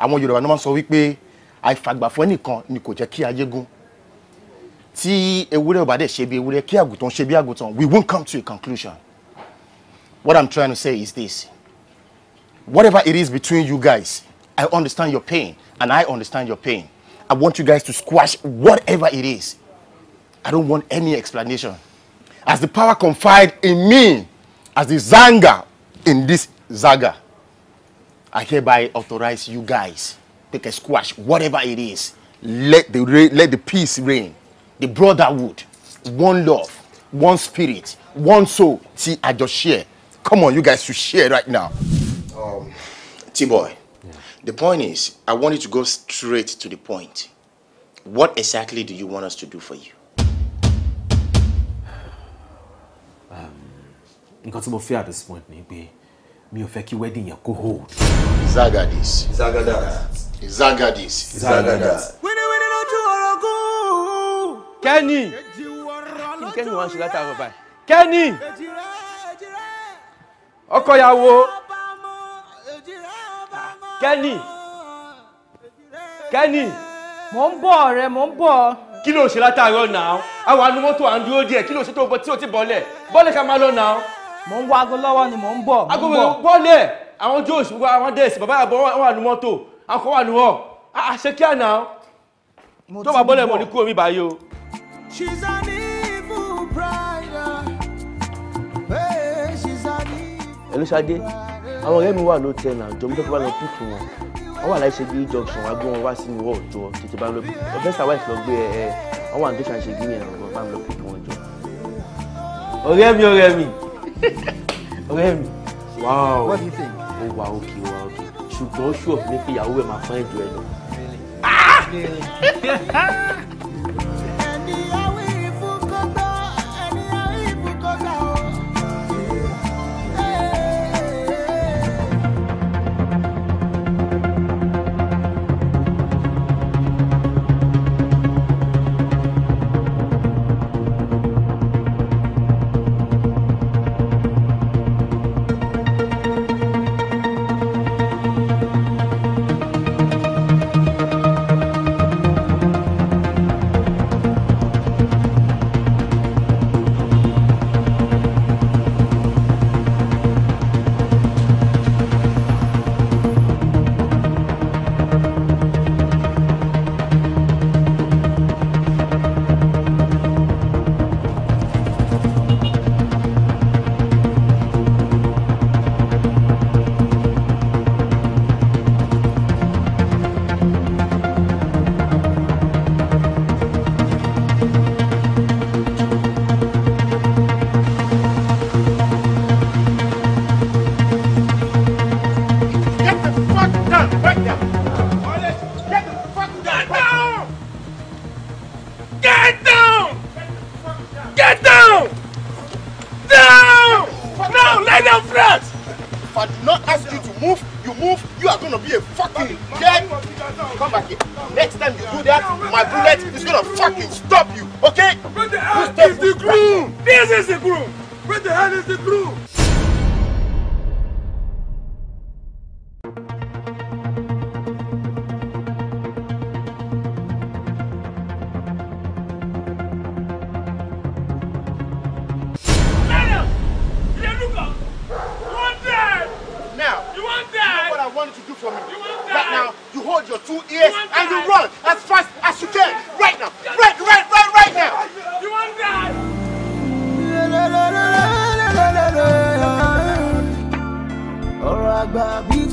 àwọn yorùbá náà máa ń sọ wípé àìfàgbàfọ́ nìkan ni kò jẹ́ kí ayé gún tí ewúrẹ́ ò bá dẹ̀ ṣe bí ewúrẹ́ kí àgùntàn ṣe bí àgùntàn we won't come to a conclusion what i'm trying to say is this whatever it is between you guys i understand your pain and i understand your pain I want you guys to squash whatever it is. I don't want any explanation. As the power confide in me, as the Zanga in this Zaga, I hereby authorize you guys take a squash, whatever it is. Let the let the peace reign, the brotherhood, one love, one spirit, one soul. See, I just share. Come on, you guys should share right now. Um, T-boy. The point is, I want you to go straight to the point. What exactly do you want us to do for you? Um, nǹkan tí mo fẹ́ at this point ni pé mi ò fẹ́ kí wedding yẹn kó hold. zagadis. zagadas. zagadis. zagadas. wíníwíní lójú orogún. Kenny. Kenny, wọ́n á ṣe látàrọ̀ báyìí kẹ́ni ọkọ ìyàwó kẹ́ni kẹ́ni. mò ń bọ̀ ọ̀rẹ́ mò ń bọ̀. kí ló ṣe látàárọ̀ náà àwọn anumọ́tò à ń dúró díẹ̀ kí ló ṣe tó tí o ti bọ́lẹ̀ bọ́lẹ̀ ká máa lọ náà. mò ń wá aago lọ́wọ́ ni mò ń bọ̀. aago bọ́lẹ̀ àwọn jones wọ àwọn dẹ́sì bàbá àbọ̀ wọn wà numọ́tò akọ wà nuwọ́ àṣẹ kíá náà tó bá bọ́lẹ̀ mọ̀ ní kúrò mi báyìí o. She's àwọn ọ̀rẹ́ mi wà ló tẹ̀ náà jọ tó fi lọ píìkì wọn wọ́n wà láì ṣe gírí junction wá gbé wọn wá sí ní wọ́ọ̀ jọ tètè bá lọ ọ̀fẹ́sà wáìsì lọ gbé ẹ wọ́n wà ní tẹ̀sán ṣe gírí ẹ̀rọ bá lọ píìkì wọn jọ. ọ̀rẹ́ mi ọ̀rẹ́ mi ọ̀rẹ́ mi wow ó wà òkè wà òkè ṣùgbọ́n ṣùọ̀ ní pé ìyàwó ẹ̀ máa fọ́n ẹ̀jọ̀ ẹ̀ lọ.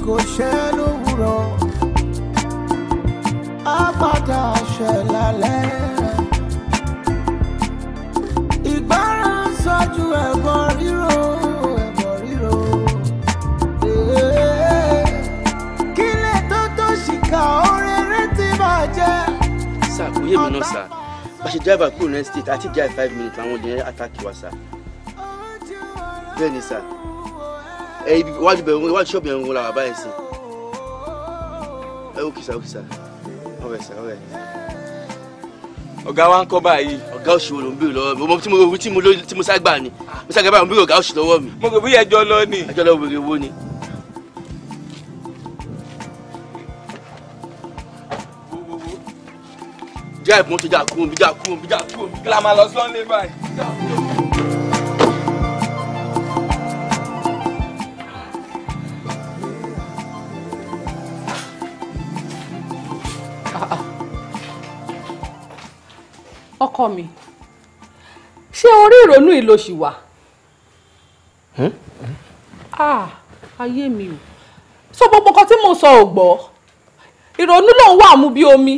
kò ṣe lówùrọ̀ á padà ṣẹ lálẹ́. ìgbára sọ́jú ẹbọ rírò ẹbọ rírò. kílẹ̀ tó tó ṣìkà oréré ti bàjẹ́. sà kò yé mi náà sà bá ṣe driver kúrò ní estate àti drive five minutes làwọn obìnrin àtàkì wa sà bẹ́ẹ̀ ni sà ẹ eh, ibi iwájú bẹ̀rù iwájú ṣọ́ọ̀bù yẹn ń la bàbá yẹn sí ẹ ó kìsà ó kìsà ọ̀rẹ́ ọ̀gá wa ń kọ́ báyìí. ọ̀gá oṣù wo ló ń bèrè lọ́wọ́ mi tí mo rò tí mo lórí tí ságbà ni mo ságbà báyìí mo bèrè ọ̀gá oṣù lọ́wọ́ mi. mo rò bí ẹjọ́ lọ ni. ẹjọ́ lọ wèrè wo ni. drive mọ́tò jà kúrò bí jà kúrò bí jà kúrò bí. kí la máa lọ sọ́ọ́ ọkọ mi ṣé orí ìrònú yìí ló ṣì wà. Hmm? Ah, ayé mi o sọ gbogbo kan tí mo sọ ò gbọ́ ìrònú lòun wà mú bí omi.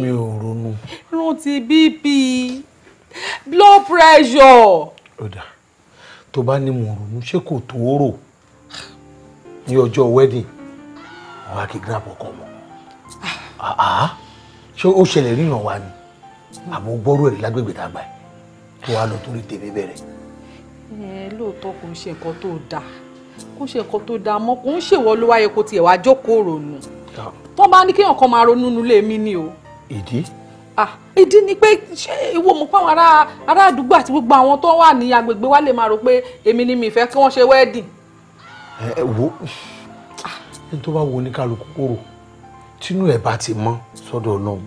mi ò ronú. rántí bp blood pressure. ó dà tó bá ní mo ronú ṣé kò tó rò ní ọjọ́ wedding wàá kí grab ọkọ mọ́ ṣé ó ṣẹlẹ̀ ríran wa ni àmọ́ gbọ́rọ̀ ẹ̀rí lágbègbè tá a gbà ẹ̀ kó wa lọ torí tèmi bẹ̀rẹ̀. ẹ lóòótọ́ kò ń ṣe nǹkan tó dáa kò ń ṣe nǹkan tó dáa mọ́ kò ń ṣèwọ ló wáyé kó tiẹ̀ wá jókòó ronú tó bá ní kéèyàn kan máa ronú nulẹ̀ mi ni o. ìdí. ah ìdí ni pé ṣé ìwọ mọ̀ páwọn ará ará àdúgbò àti gbogbo àwọn tó wà ní agbègbè wa lè máa rò pé èmi ni mi fẹ́ kí wọ́n ṣe wẹ́ẹ̀dì. ẹ wo ẹni tó bá wo oníkàlùkù kúrò tínú ẹ̀ bá ti mọ́ sọ́dọ̀ ọlọ́run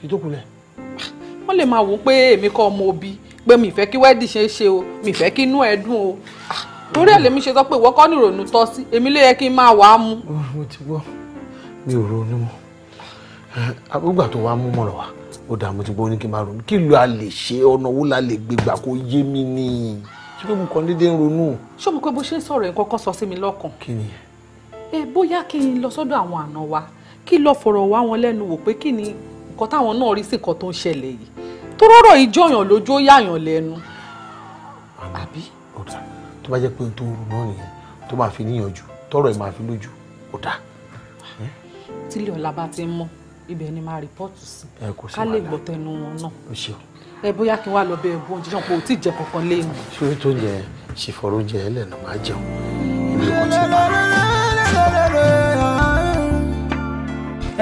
kí tó kulẹ̀. wọ́n lè máa wò ó pé èmi kọ́ ọmọ òbí pé mi fẹ́ kí wẹ́ẹ̀dì ṣe é ṣe o mi fẹ́ kí inú ẹ̀ dùn o torí ẹ̀ lèmi ṣe sọ pé ìwọ kọ́ ní ìrònú tọ́ sí èmi ló yẹ kí n máa wà á mú. mo ti gbọ́ mi ò ronú mọ́ àgbégbà tó wá mú mọ̀rọ̀ wá ó dàá mo ti gbọ́ ní kí n máa ronú kí ló a lè ṣe ọ̀nà wo la lè gbé gbà kó yé mi ni ṣé pé mo kàn déédéé ń ronú. ṣé o mọ̀ pé bó ṣe ń sọ̀rọ̀ yẹn kọ́kọ́ sọ sí mi lọ́kàn. kí ni ẹ bóyá kí n lọ sọ́dọ̀ àwọn àna wa kí lọ fọ̀rọ̀ wá wọn lẹ́nu wò pé kí ni nǹkan táwọn náà rí sí nǹkan tó ń ṣẹlẹ̀ yìí tó rọ̀rọ̀ ìjọyàn lójú ó yàyàn lẹ́nu. àbí ọ̀tá tó bá jẹ́ pé tó rú náà nìyẹn tó máa fi níyànjú tọrọ ẹ̀ máa fi lójú ọ̀tá. tílẹ̀ ọ̀la bá ti ń mọ́ ibẹ̀ ni máa rìpọ́ọ̀tù sí ká lè gbọ́ tẹnu wọn náà ẹ bóyá kí n wá lọ bẹ ẹbú oúnjẹ náà pé o ti jẹ kankan léèmù. ṣé tó ṣèfọ̀rọ̀ oúnjẹ ẹlẹ́nu máa jẹun ibi ìkọ́tí ìbára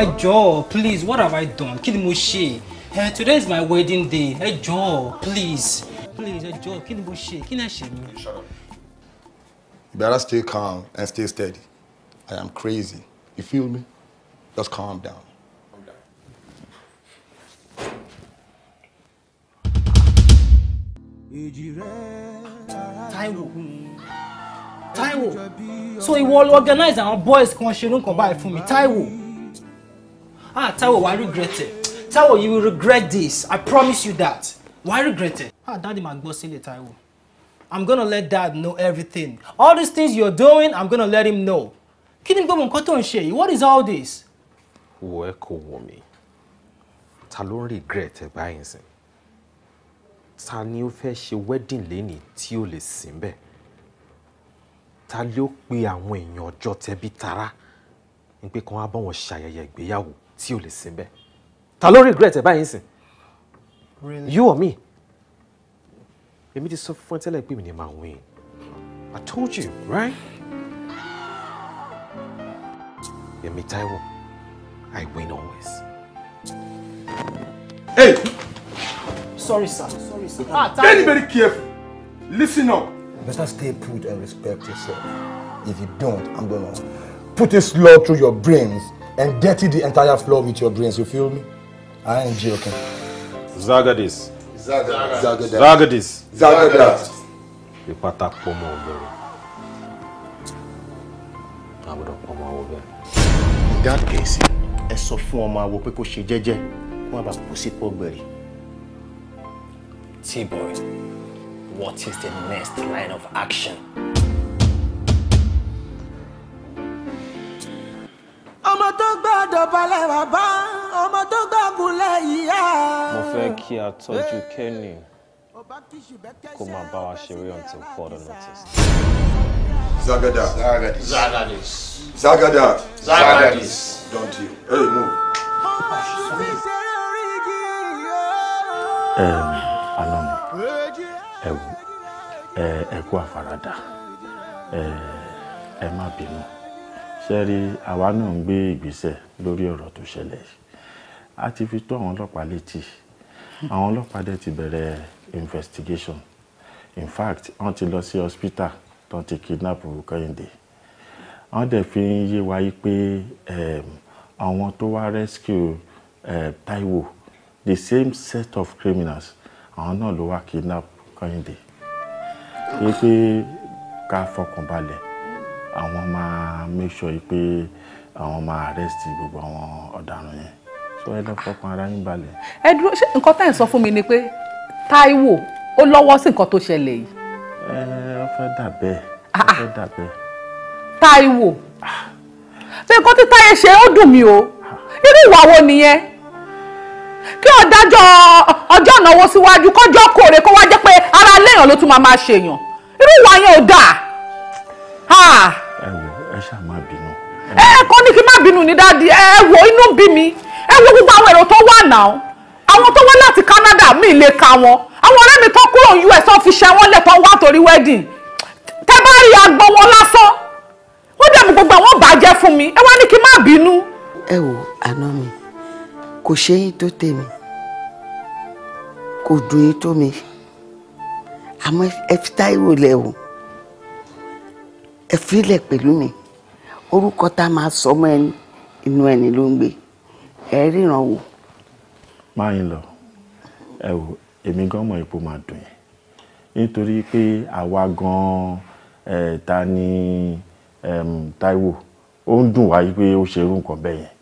ẹ jọ̀ọ́ please what have I done Kid ni mo eh, today is my wedding day ẹ jọ̀ọ́ please please ẹ jọ̀ọ́ kí ni mo ṣe kí you better stay calm and stay steady I am crazy you feel me just calm down. Taiwo. Taiwo, so ìwọ organize àwọn boys kan ṣe irun kan báyìí fún mi Táíwò ah Taiwo, wàá regret it Taiwo, you will regret this I promise you that wàá regret it ah dáàdi màá gbọ́ sílẹ̀ Taiwo. I'm gonna let dad know everything all these things you're doing I'm gonna let him know kí ni gbogbo nǹkan tó ń ṣe yìí what is all this. wò ẹ kò wọ mi ta ló ń regret ẹ báyìí sìn ta ni ó fẹ́ ṣe wedding lẹ́ni tí ó lè sìn bẹ́ẹ̀ ta ló pe àwọn èèyàn ọjọ́ tẹbí tará ní pé kàn wá bọ̀ wọ́n ṣàyẹyẹ ìgbéyàwó tí ò lè síbẹ̀ ta ló regret ẹ̀ báyìí sìn you or me èmi ti sọ fún ẹ tẹ́lẹ̀ pé mi ni màá win I told you right Yẹmi Táíwò I win always. Hey! Sorry, sir. Sorry, sir. Ah, be very careful. Listen up better stay put and respect yourself. If you don't, I'm gonna put this law through your brains and dirty the entire floor with your brains. You feel me? I ain't joking. Zagadis. Zagadis. Zagadis. Zagadis. Zagadis. Ìpàtà pọ̀ mọ́ ọ̀bẹ̀rẹ̀. Àbúrò pọ̀ mọ́ ọ̀bẹ̀rẹ̀. Gáàdì kèsì ẹ sọ fún ọmọ àwọ̀ pé kó ṣe jẹ́jẹ́ kó má bàa T-boy what is the next line of action. ọmọ tó gbà dọ̀bálẹ̀ bàbá ọmọ tó gbà gúnlẹ̀ ìyá. mo fẹ́ kí a tọ́jú eh, kẹ́ni kó máa bá wa ṣeré until further notice. Zagada. Zagadis. Zagadis. Zagada. Zagadis. Don't you? Hey, move. Um, ẹ wò ẹ ẹ kú àfaradà ẹ ẹ má bínú ṣe rí àwa náà ń gbé ìgbésẹ̀ lórí ọ̀rọ̀ tó ṣẹlẹ̀ yìí a ti fi tó àwọn ọlọ́pàá létí àwọn ọlọ́pàá dẹ̀ ti bẹ̀rẹ̀ investigation in fact wọ́n ti lọ sí hospital tó ti kidnap Kẹ́hìndé wọ́n dẹ̀ fi ń yé wa pé ehm, àwọn tó wá rescue eh, Taiwo. the same set of criminals àwọn náà ló wá kidnap Kọ́yìndé ṣé pé ká fọkàn balẹ̀ àwọn máa make sure pé àwọn máa arrest gbogbo àwọn ọ̀daràn yẹn ṣé ẹ lọ fọkàn ara yín balẹ̀. ẹ dúró ṣé nǹkan tá ẹ̀ sọ fún mi ni pé Táíwò ó lọ́wọ́ sí nǹkan tó ṣẹlẹ̀ yìí. ẹ ọ fẹ́ dà bẹ́ẹ̀ ọ ah, ah. fẹ́ dà bẹ́ẹ̀. Táíwò ah. ṣé nǹkan tí Táyé ṣe ó dùn mí o irú ìwà wo nìyẹn kí ọ̀dájọ́ ọjọ́ ìnáwó síwájú kọjọ́ kòrè kó wá jẹ́ pé ara léèyàn ló tún máa máa ṣèyàn irú wa yẹn ò dáa. ẹ wo ẹ ṣáà má bínú. ẹ ẹ kọ́ ni kí n má bínú ní dáàdi ẹ wo inú bí mi ẹ wo gbogbo àwọn èrò tó wà náà àwọn tó wá láti Canada mi lè ka wọn àwọn ọ̀rẹ́ mi tó kúrò US tó fi ṣe wọ́n lẹ̀ tó wá torí wedding tẹ bá rí agbọ́ wọn lásán wọ́n dẹ̀ mú gbogbo àwọn bàjẹ́ fún mi ẹ wá ní kí má bínú. ẹ wo àná mi kò ṣe é tó tèmi kò dùn é tó mi àmọ́ ẹ fi Táíwò lẹ̀ o ẹ filẹ̀ pẹ̀lú mi orúkọ tá a máa sọ ọmọ ẹni inú ẹni ló ń gbé ẹ ríran wò. máa ń lọ ẹ wò èmi gan mọ ipò máa dùn yẹn nítorí pé àwa gan ẹ ta ni Táíwò ó ń dùn wáyé pé ó ṣerú nǹkan bẹ́ẹ̀ yẹn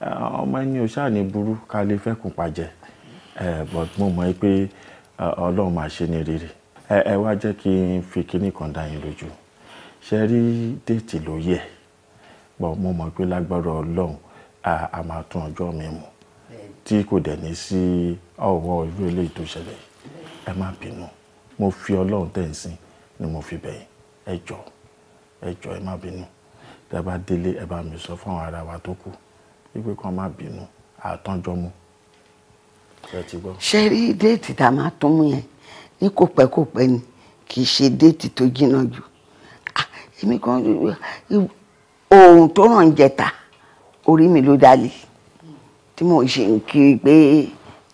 ọmọ ẹni ò ṣáà ní burú ká lè fẹ́ kùn pàjẹ́ but mo mọ̀ pé ọlọ́run máa ṣe ní rere ẹ wá jẹ́ kí n fi kinní kan dá yín lójú ṣe rí déètì ló yẹ but mo mọ̀ pé lágbára ọlọ́run a máa tún ọjọ́ mi mú tí kò dẹ̀ ní sí ọwọ́ irú eléyìí tó ṣẹlẹ̀ ẹ má bínú mo fi ọlọ́run tẹ̀ ń sìn ni mo fi bẹ̀yìn ẹ jọ̀ọ́ ẹ jọ̀ọ́ ẹ má bínú tẹ́ bá délé ẹ bá mi sọ fún àwọn ará wa tó kù wípé kan má bínú àtọ́jọ́ mu. ṣe rí déètì tá a máa tún mú yẹn ní kò pẹ́ kò pẹ́ ni kì í ṣe déètì tó jìnnà jù ah, èmi kan ohun tó ràn jẹta orí mi ló dálé tí mo ṣe ń kiri pé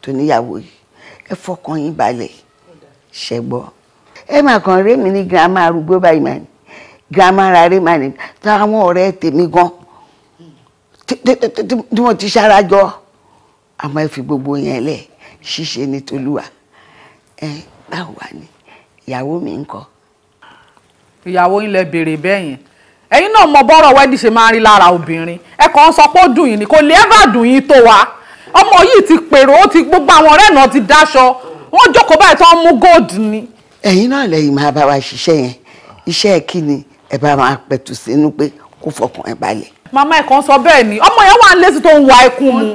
tó níyàwó yìí ẹ fọkàn yín balẹ̀ ṣẹ́gbọ́ ẹ máa kàn rémi ní girama arúgbó báyìí máa ní girama ara rémi máa ní táwọn ọ̀rẹ́ tèmi gan-an tí wọ́n ti ṣára jọ àmọ́ ẹ fi gbogbo yẹn lẹ̀ ṣíṣe ní tolúwa ẹ báwo wà ní ìyàwó mi ń kọ́. ìyàwó yín lẹ béèrè bẹ́ẹ̀ yẹn ẹ̀yin náà mọ bọ́rọ̀ wẹ́dì ṣe máa ń rí lára obìnrin ẹ kàn ń sọ pé ó dùn yín ni kò lè ẹ́bà dùn yín tó wa ọmọ yìí ti pèrò ó ti gbogbo àwọn ọ̀rẹ́ náà ti dáṣọ wọ́n jókòó báyìí tó ń mú gold ni. ẹ̀yin náà lẹ́yìn máa bá wa ṣiṣẹ́ yẹn iṣẹ́ kí ni ẹ bá máa pẹ̀tù sínú pé kó fọkàn ẹ balẹ̀ Mama, ẹ̀ kan sọ bẹ́ẹ̀ ni ọmọ yẹn wà nílé tó ń wa ẹkún mu.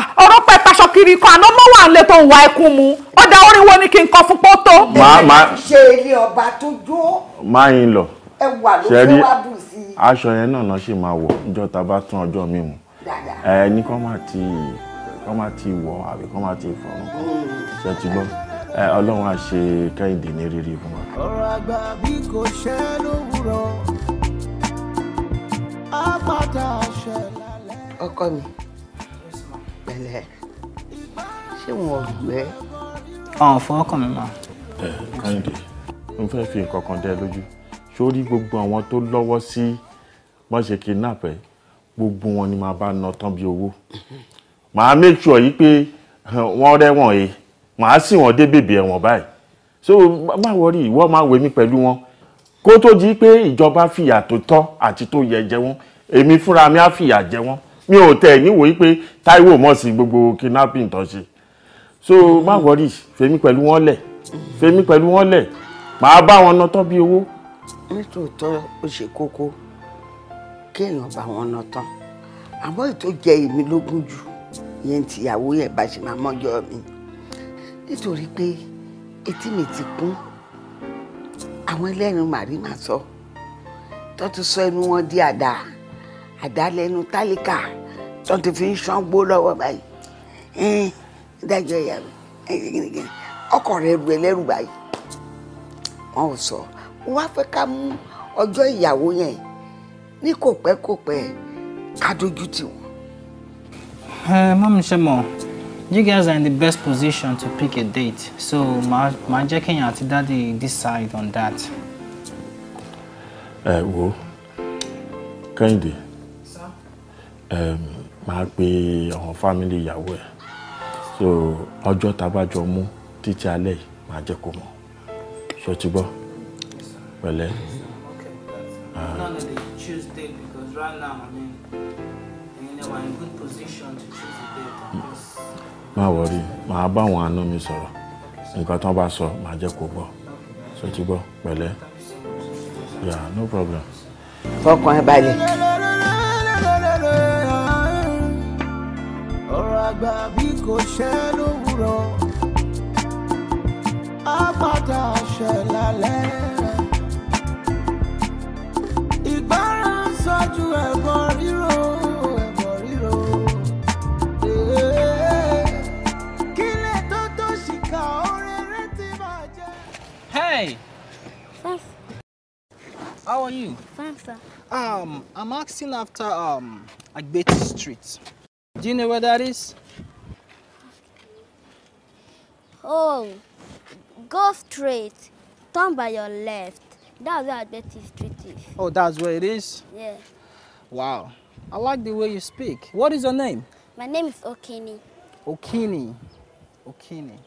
Ah, ọ̀rọ̀ pẹ́ taṣọ kiri kan àná ọmọ wà nílé tó ń wa ẹkún mu ó da orin wo ni kí n kọ fún pọ́tó. máa máa ṣe ilé ọba tó jó. máa yín lọ ṣe rí aṣọ yẹn náà náà ṣì máa wọ̀ níjọ́ tá a bá tún ọjọ́ mi mu ẹ ní kọ́ máa ti kọ́ máa ti wọ̀ àbí kọ́ máa ti fọ̀rọ̀ mm. ṣe ti gbọ́ ọlọ́run á ṣe kẹ́hìndé ní rírì fún wa. ọ̀rọ̀ àgbà bí kò ṣẹ́ lówùrọ̀ ọkọ mi pẹ̀lẹ́ ṣé wọn ò gbẹ. ọ̀hún fún ọkàn mi mọ́. ẹ káyọ̀dé mo fẹ́ fi nǹkan kan dẹ́ lójú sórí gbogbo àwọn tó lọ́wọ́ sí wọ́n ṣe kidnap ẹ̀ gbogbo wọn ni màá bá ná tán bí owó màá make sure yìí pé eh, wọ́n rẹ́wọ̀n he màá sì wọ́n dé bèbè ẹ̀wọ̀n báyìí so má wọrí ìwọ máa wèmí pẹ̀lú wọn kó tó di pé ìjọba fìyà tó tọ́ àti tó yẹ jẹ wọ́n èmi fúnra mi á fìyà jẹ wọ́n mi ò tẹ̀ níwò yí pé Táíwò mọ̀ sí gbogbo kidnapping tó ṣe so má wọrí fèmi pẹ̀lú wọn lẹ̀ fèmi pẹ̀lú wọn lẹ̀ màá bá wọn ná tán bí owó. nítòótọ́ ó ṣe kókó kéèyàn bá wọn ná tán àmọ́ ètò jẹ èmi lógún jù yẹn tìyàwó yẹn bá ṣe máa mọ́jọ́ mi nítorí pé etí mi ti kún àwọn ẹlẹ́nu màrí máa sọ tó ti sọ ẹnu wọn di àdá àdá lẹ́nu tálíkà tó ti fi ń ṣán gbó lọ́wọ́ báyìí ẹ̀ẹ́n dájọ́ ìyá mi ọkọ̀ rẹ̀ rú ẹlẹ́rù báyìí wọn ò sọ wọn wá fẹ́ ká mú ọjọ́ ìyàwó yẹn ní kò pẹ́ kò pẹ́ ká dojú ẹ mọ́ mi ṣe mọ̀ you guys are in the best position to pick a date so my Jackie and your daddy decide on that. ẹ wo kẹ́hìndé máa pe àwọn fámìlì ìyàwó ẹ̀ so ọjọ́ tabajọ mú títí alẹ́ yìí máa jẹ́ kó mọ̀ ṣó ti gbọ́ pẹ̀lẹ́. Tuesday because right now I mean, I mean they were in good position to choose má wọrí màá bá àwọn àánú mi sọ̀rọ̀ nǹkan tó bá sọ màá jẹ́ kó gbọ́ ṣó ti gbọ́ pẹ̀lẹ́ yà no problem. fọkàn ẹ balẹ̀. ọ̀rọ̀ àgbà bí kò ṣẹ́ lówùrọ̀ á padà ṣẹ̀ lálẹ́ ìgbáràn sójú ẹ̀gbọ́n. How are you? Fine, sir. Um, I'm asking after um Agbeti Street. Do you know where that is? Oh, go straight. Turn by your left. That's where Agbeti Street is. Oh, that's where it is? Yeah. Wow. I like the way you speak. What is your name? My name is Okini. Okini. Okini.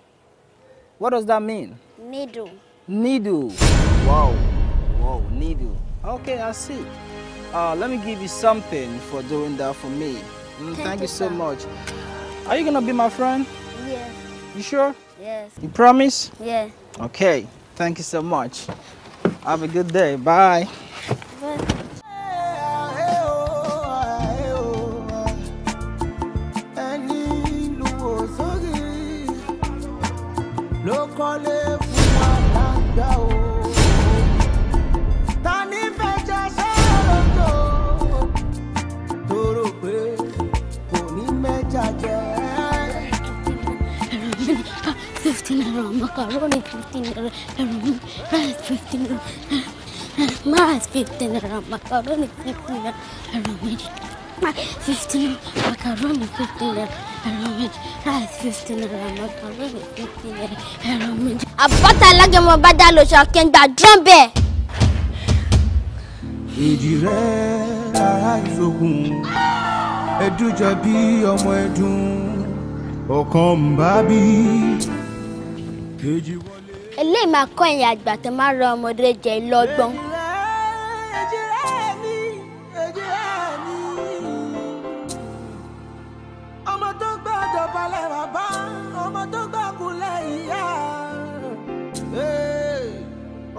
What does that mean? Needle. Needle. Wow. Whoa, needle. Okay, I see. Uh, let me give you something for doing that for me. Mm, thank, thank, you so sir. much. Are you gonna be my friend? Yes. You sure? Yes. You promise? Yeah. Okay. Thank you so much. Have a good day. Bye. macaroni fifteen naira ẹran méjì fifteen macaroni fifteen naira ẹran ah, méjì rice fifteen naira macaroni fifteen naira ẹran méjì. àbọ̀tà alágẹ̀mọ́ bá dá lóṣù akẹ́ńgbà drum bẹ́ẹ̀. èdè rẹ̀ rárá ìṣògùn ẹdújọ bí ọmọ ẹdùn ọkàn ń bá bí kejì wọlé. eléyìí máa kọ́ ẹ̀yìn àgbà tó máa ń rọ ọmọdé jẹ lọ́gbọ́n.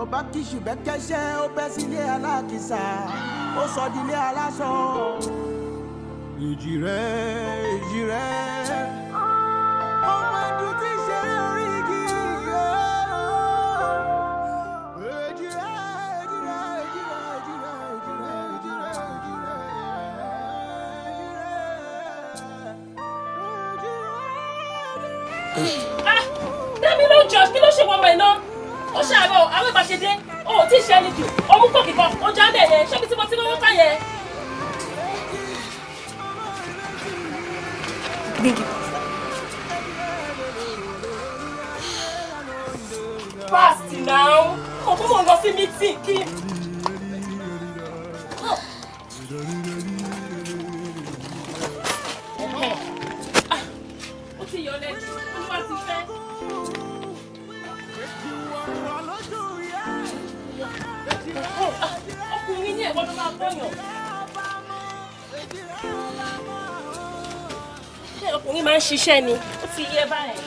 ọba kìsù bẹ́ kẹ́sẹ́ ó bẹ́ sílé alákìsà ó sọ dílé aláṣọ. èjì rẹ èjì rẹ. ọmọ ẹdun ti ṣe orí ó ṣàárọ̀ àwọn ìbáṣedé ó tí ṣe ẹni jù ọmú pọ̀ kíkan ó já bẹ́ẹ̀ yẹn ṣé bí tí mo ti lọ́wọ́ ká fast now kò tó mò ń lọ sí meeting máa ọkùnrin máa ń ṣiṣẹ́ ni ó ti yẹ báyìí.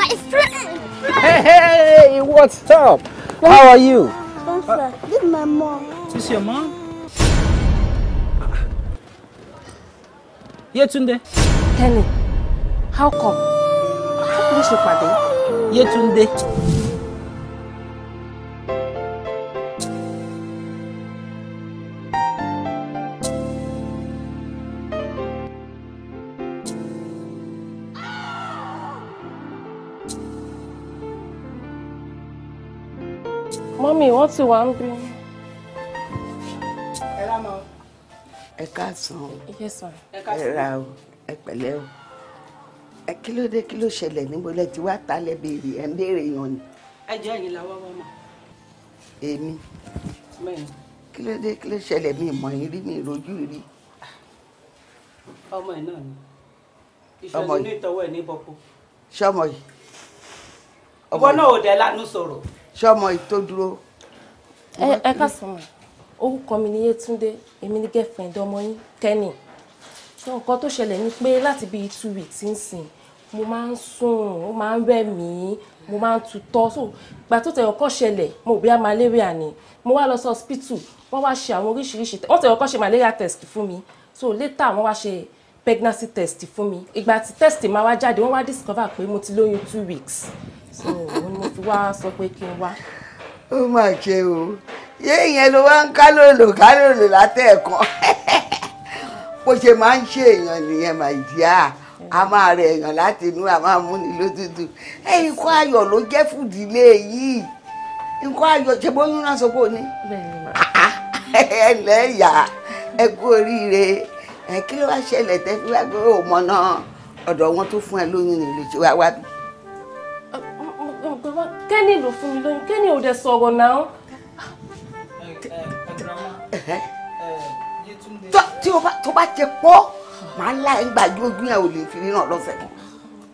My friend. Hey, hey, what's up? How are you? Good, uh, my mom. This your mom? Yetunde. Tell me, how come? Ló this pàdé. Yetunde. Mọ́mí, wọ́n ti wà ń bí. káàsán o ẹ ra o ẹ pẹ̀lẹ́ o ẹ kí ló dé kí ló ṣẹlẹ̀ níbo lẹ ti wá ta lẹ béèrè ẹ ń béèrè yan ni. ẹ jẹ́ ẹ̀yin làwọn wá mà. èmi kí ló dé kí ló ṣẹlẹ̀ mi ìmọ̀ yín rí mi ìrojú rí. ọmọ ẹ náà ni ìṣòro ní ìtọ́wọ́ ẹ̀ ní bọ́pọ̀. ṣọmọ yìí. ìwọ náà ò dẹ lánú sọ̀rọ̀. ṣọmọ yìí tó dúró. ẹ ẹ ká sọ̀rọ̀ orúkọ mi ni Yétúndé èmi ni girlfriend ọmọ yín Kenny so nǹkan tó ṣẹlẹ̀ ni pé láti bíi two weeks nsìn mo máa ń sùn ó máa ń rẹ̀ mí mo máa ń tutọ́ so ìgbà tó tẹ̀yọ̀ kọ́ ṣẹlẹ̀ mo bí a malaria ni mo wá lọ sí hospital wọ́n wá ṣe àwọn oríṣiríṣi wọ́n tẹ̀yọ̀ kọ́ ṣe malaria test fún mi so later wọ́n wá ṣe pregnancy test fún mi ìgbà tí test máa wá jáde wọ́n wá discover pé mo ti lóyún two weeks so òun ni mo fi wá sọ pé kí n wá. ó mà ṣe o yé ìyẹn ló wá ń kálòlò kálòlò látẹ̀ẹ̀kan bó ṣe máa ń ṣe èèyàn nìyẹn màìdíà a máa rẹ èèyàn láti inú a máa mú ni lótútù ẹyin kó ayọ̀ ló jẹ́ fùdílé yìí nǹkan ayọ̀ ṣe bóyún náà sọ́kò ní. ẹ lẹ́ yà ẹ kú oríire ẹ kí ló wá ṣẹlẹ̀ tẹ́fí wá pé ó mọ náà ọ̀dọ̀ wọn tó fún ẹ lóyún ni ló ṣe wá wá bí. kẹ́ni ló fún mi lóyún kẹ́ni ò dẹ̀ sọ̀rọ̀ náà tó bá ti pọ́ màá lá ẹ̀ ń gbàjú ojú yẹn ò lè fi ríràn lọ́sẹ̀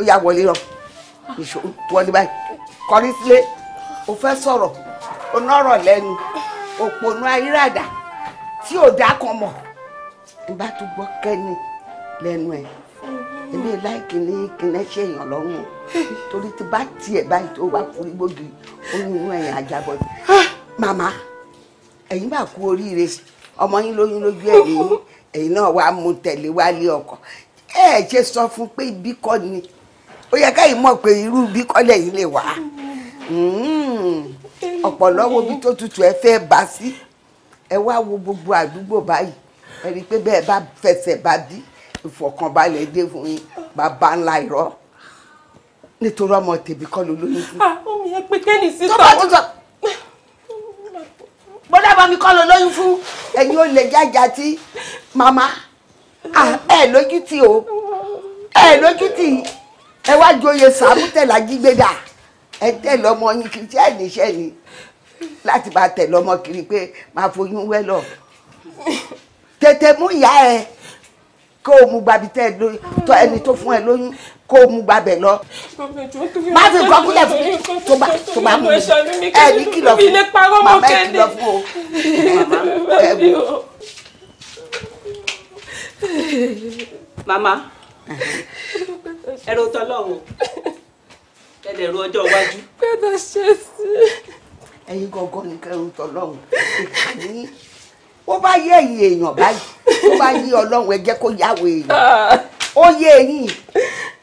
ó yà wọlé rọ ìṣó wọlé báyìí kọrí sílé ó fẹ́ sọ̀rọ̀ ó nọ̀rọ̀ lẹ́nu òpònú ayírádà tí ò dá kan mọ̀ nígbà tó gbọ́ kẹ́ni lẹ́nu ẹ̀ èmi láì kìíní kìíní ṣe èèyàn lọ́rùn torí ti bá tiẹ̀ báyìí tó wà fún igbógi ó nínú ẹ̀yìn ajábọ̀ ah! màmá ẹ̀yin bá kú oríire ọmọ yín lóyún lójú ẹ̀yìn ẹ̀yin náà wàá mú tẹ̀lé wálé ọkọ ẹ ṣe sọ fún pé ibi kọ́ ni ó yẹ káyìí mọ̀ pé irú ibi kọ́ lẹ́yìn lè wá hmm. ọ̀pọ̀lọ́wọ́ bí tó tutù ẹ fẹ́ bá sí ẹ wá wo gbogbo àdúgbò báyìí ẹ rí i pé bẹ́ẹ̀ bá fẹsẹ̀ bá dí ìfọ̀kànbalẹ̀ dé fún yín bàbá ńlá irọ́ nítorí ọmọ tèmi kọ́ ló lóyún fún. àwọn ah, èèyàn pé kẹ́ni sísọ. tó bá tún sọ mo dábàá mi kọ́ lọ lóyún fún ẹ̀yin olè jájà tí màmá ẹ lójú tì o ẹ lójú tì ẹ wá joyè sàmútẹ̀ làjígbéga ẹ tẹ̀ lọ́mọ yín kiri tí ẹ níṣẹ́ ni láti bá tẹ̀ lọ́mọ kiri pé máa foyún wẹ́lọ̀ tètè mú ìyá ẹ kó o mú gbàbí tẹ ló ẹni tó fún ẹ lóyún kó o mú gbàbẹ lọ. má fi nǹkan kúlẹ̀ fún mi tó bá tó bá mú mi ẹ ní kìlọ̀ fún màmá ẹ kìlọ̀ fún o. màmá ẹ̀rọ tọ́lọ́run ẹ̀dẹ̀ ru ọjọ́ iwájú. bẹ́ẹ̀ ṣe sí. ẹ̀yin gangan nìkan ẹ̀rù tọ́lọ́run ìkànnì ó bá yé ẹ̀yin èèyàn báyìí ó bá yé ọlọ́run ẹ jẹ́ kó yáwó èèyàn ó yé eyín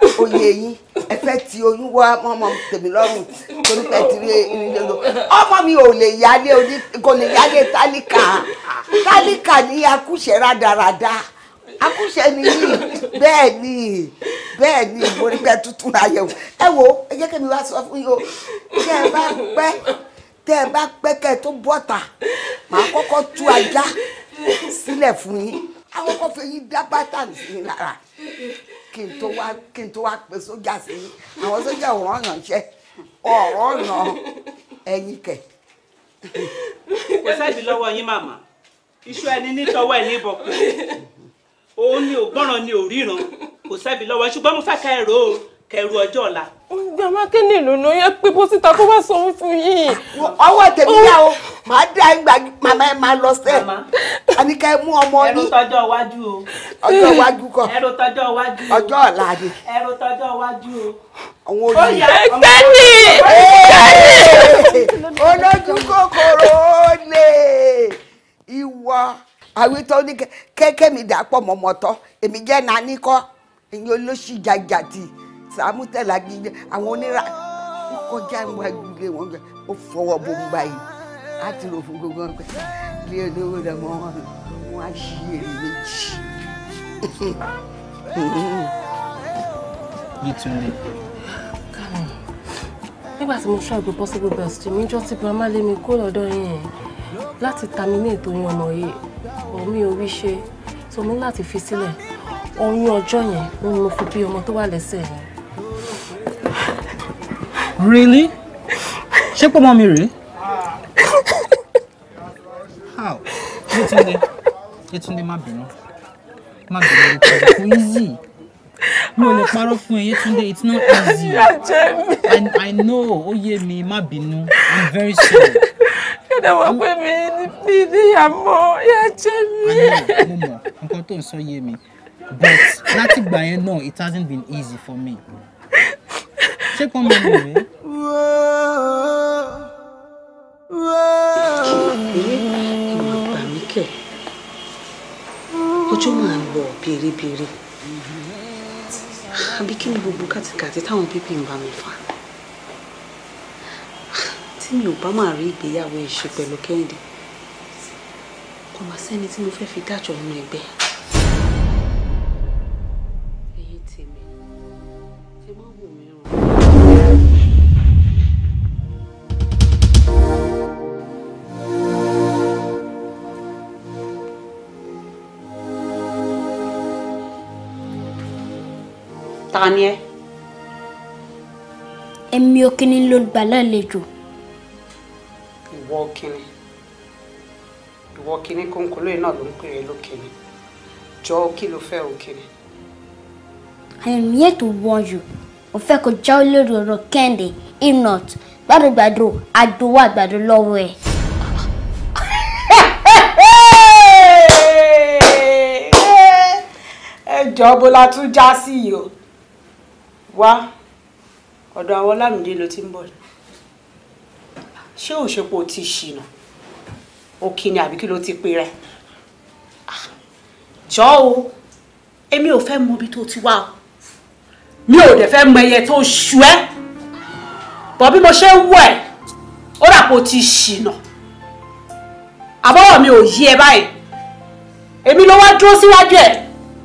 ó yé eyín ẹ fẹ́ ti oyún wá ọmọ tèmi lọ́rùn torí fẹ́ ti rí irin lọ́dọ̀ ọmọ mi ò lè yálé oní kò lè yálé tálíkà tálíkà ní akúṣẹ̀ rádaràda akúṣẹ̀ ni yìí bẹ́ẹ̀ ni bẹ́ẹ̀ ni mo rí pé tuntun ayẹ̀wò ẹ wo ẹ jẹ́ kí mi wá sọ fún yín o ṣé ẹ bá pẹ́ tẹ́ ẹ bá pẹ́kẹ́ tó bọ́ta màá kọ́kọ́ tú ajá sílẹ̀ fún yín àkọ́kọ́ fi yín dá bàtà sí lára kí n tó wá kí n tó wá pe sójà sí yín àwọn sójà ò rán yàn ṣẹ́ ọ̀rọ̀ ràn ẹ̀yin kẹ̀. kò sẹ́ẹ̀dì lọ́wọ́ yín màmá iṣu ẹni nítọwọ́ ẹ̀ níbọ̀ kù òun ni ò gbọ́ràn ni ò ríran kò sẹ́ẹ̀dì lọ́wọ́ ṣùgbọ́n mo fẹ́ kẹ́ ẹ rò kẹrù ọjọ́ ọ̀la. Gbàmá kéde lòlò yẹ pé bó kó bá sọ fún yìí. Ọwọ́ tèmi yá o, màá dá ìgbà màmá ẹ̀ lọ sẹ́ẹ̀. Àníkẹ́ mú ọmọ ní. Ẹrù tọjọ́ iwájú o. Ọjọ́ iwájú kọ. Ẹrù tọjọ́ iwájú o. Ọjọ́ ọ̀la ni. Ẹrù tọjọ́ iwájú o. Àwọn olùyẹ. Olójú kòkòrò lè ìwọ mi dà pọ̀ mọ́mọ́tọ́ sàmútẹ́lá gbígbé àwọn onírà ó kọjá ìwà gbígbé wọn gbẹ ó fọwọ́ bó ń báyìí á rò fún gbogbo ọgbẹ ilé olówó lọmọ wọn wọn á ṣí èrè méjì. Yìtúndé. nígbà tí mo ṣọ́ ìgbé possible best mi jọ́ ti grandma lé mi kó lọ́dọ̀ yẹn láti terminate oyún ọmọ yìí omi ò rí ṣe so láti fi sílẹ̀ oyún ọjọ́ yẹn ni mo fi bí ọmọ tó wà lẹ́sẹ̀ yẹn really ṣé pọ́ mọ́ mi rèé how Yétúndé Yétúndé má bínú má bínú Yétúndé kò easy mi ò lè parọ́ fún ẹ Yétúndé it's not easy and I know ó yé mi má bínú I'm very sorry. kódà wọ́n pè mí ní ìyàmọ́ yá jẹ́ mi. mo mọ̀ nǹkan tó ń sọ yé mi but láti gbà yẹn náà it hasn't been easy for me ṣé kàn máa wò mí. ìmọ̀ gbà mí kẹ̀ ojú máa ń lọ bèrèbèrè àbí kí ni gbogbo kàtìkàtì táwọn bíbí ń bá mi fà tí mi ò bá máa rí ìgbéyàwó ìṣe pẹ̀lú Kẹ́hìndé kò má sẹ́ni tí mo fẹ́ fi dájọ́ nínú ẹgbẹ́. ta ni ẹ. èmi ò kíni ló gbà lálejò. ìwọ kíni ìwọ kíni kónkóló yìí náà ló ń pè é lókìní jọ kí ló fẹ́ òkìní. I am here to warn you mo fẹ́ kó jáwé lórí ọ̀rọ̀ kẹ́hìndé if not gbàdúgbàdú àdúwọ̀ àgbàdo lọ́wọ́ ẹ̀. ẹjọ́ bó la tún já sí wá ọ̀dọ̀ àwọn Ọlámídé ló ti ń bọ̀ ṣé ò o ti ṣìnà òkè ni àbí kí ló ti pera ẹ̀ ah, jọ́ o èmi ò fẹ́ mọ tó ti wá o mi ò dẹ̀ fẹ́ mọ ẹyẹ tó ṣu ẹ́ bọ̀ bí mo ṣe ń wọ̀ ẹ́ ó dà pé o ti ṣìnà àbọ̀wọ̀ mi ò yí ẹ báyìí èmi ló wá dúró síwájú ẹ̀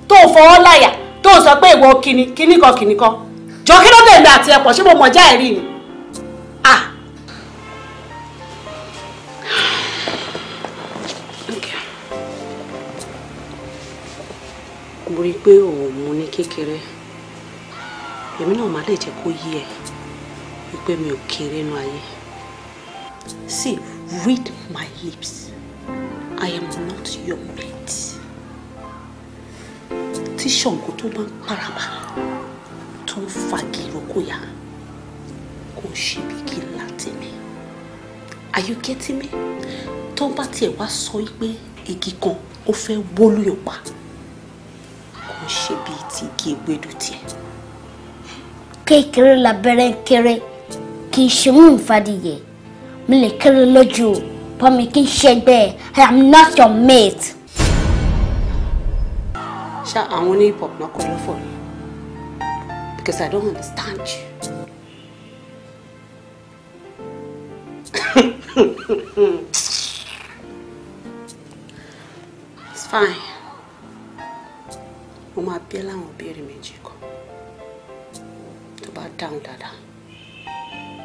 tó fọwọ́ láyà tó sọ pé ìwọ kìnnìkan kìnnìkan jọ kí ló dé èmi àti ẹ̀pọ̀ ṣé mo mọ̀ já ẹ̀rí ni. mo rí i pé òun mu ní kékeré èmi náà má lè jẹ́ kó yí ẹ wípé mi ò kéré nú ayé see read my lips I am not your mate tí ṣàǹkó tó bá ń paraba tó fagirò kò yá kò ṣe bí kí n láti are you getting me tó bá tiẹ̀ wá sọ pé igi kan ó fẹ́ wó lóyún pa kò ṣe bí ti igi ewédú tiẹ̀. kékeré labẹ́rẹ́ ń kéré kì í ṣe mú ìfadìyẹ mi lè kéré lójú pọ́nmi kì í ṣe bẹ́ẹ̀ I am not your mate. ṣá àwọn oní hip hop náà kọ́ ló fọ̀ ni because I don't understand you. It's fine. Oma máa bí ẹ láwọn ìbéèrè méjì kan. Tó bá dáhùn dáadáa,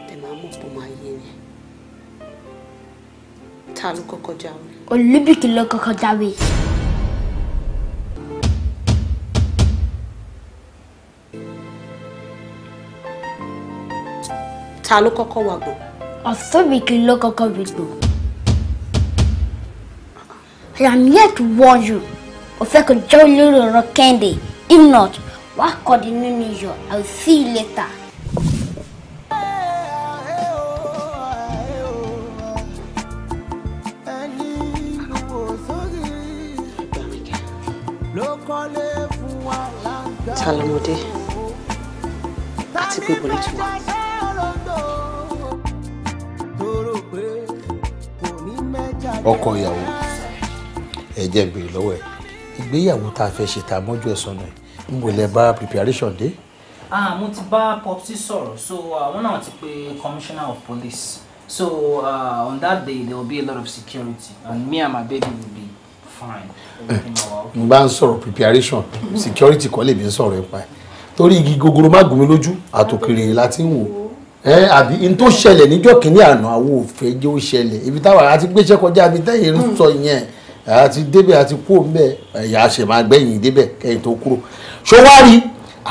bẹ́ẹ̀ máa mọ̀ pé máa yé ni. Ta ló ta ló kọ́kọ́ wà gbò. Ọ̀sọ́bìkì ló kọ́kọ́ bí gbò. I am here to warn you. Ó fẹ́ kó jẹ́ olórí ọ̀rọ̀ Kẹ́hìndé. If not, wàá kọ́ di nínú iyọ̀. I will see you later. ta lọmọdé àti pé bọ̀lẹ́ ọkọ ìyàwó ẹ jẹ́ bèrè lọ́wọ́ ẹ ìgbéyàwó tá a fẹ́ ṣe tá a mọ́jú ẹ̀ sọnù ẹ̀ ń lẹ bá preparation dé. ah mo ti bá popsi sọ̀rọ̀ so àwọn náà ti pe commissioner of police so uh, on that day there will be a lot of security and me and my baby will be fine. Eh, n bá ń sọ̀rọ̀ preparation security kọ́ lè mi ń sọ̀rọ̀ ẹ̀ pa ẹ̀ torí igi gogoro má gùn mí lójú àtòkèrè la ń wò ẹ àbí n tó ṣẹlẹ̀ níjọ́ kìíní àná àwọn òfẹ́ jẹ́ ó ṣẹlẹ̀ ibi táwọn àti gbéṣẹ́ kọjá ibi tẹ́yìn ń sọ yẹn àti débẹ̀ àti kó mbẹ́ ẹ̀yà àṣẹ máa gbẹ̀yìn débẹ̀ kẹ́yìn tó kúrò ṣọwárí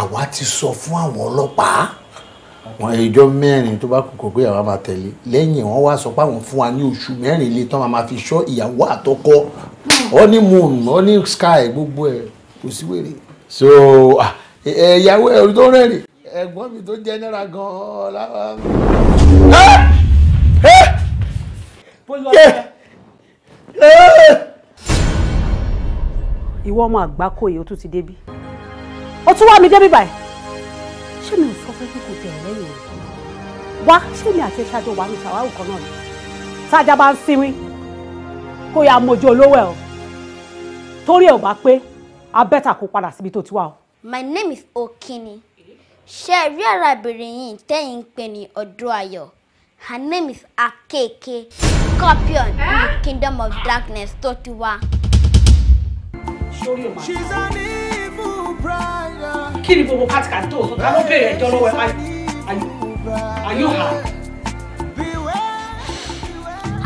àwa ti sọ fún àwọn ọlọ́pàá wọn ẹjọ́ mẹ́rin tó bá kù kò pé àwa máa tẹ̀lé lẹ́yìn wọn wá sọ pé àwọn fún wa ní oṣù mẹ́rin lé tán máa fi ṣọ́ ìyàwó àtọkọ ọ́ní moon ọ́ní sky gbogbo ẹ̀ kò sí wèrè so ẹ̀yàwó ẹ̀ tó rẹ́rìn ẹ̀gbọ́n mi tó jẹ́ náírà gan-an lára mi. ìwọ ọmọ àgbákò yìí tún ti débí ó tún wá mi débí báyìí ṣé mi ò sọ fún kíkò tẹ̀ lẹ́yìn rẹ̀ wá ṣé mi àti ẹ̀ṣájú wà ní ṣàwárò kan náà ni tájà bá ń sinwín kó yá mojú olówó ẹ̀ o torí ẹ̀ ò bá pé abẹ́ta kó padà síbi tó ti wà o. My name is Okini ṣe rí arábìnrin yìí tẹ́yìn ń pè ní Odoayo her name is Akeke scorpion in the kingdom of darkness tó ti wá. kí ni gbogbo pátìkà tó o sọ ta ló bèrè ẹjọ́ lọ́wọ́ ẹ ayé ọ̀hà.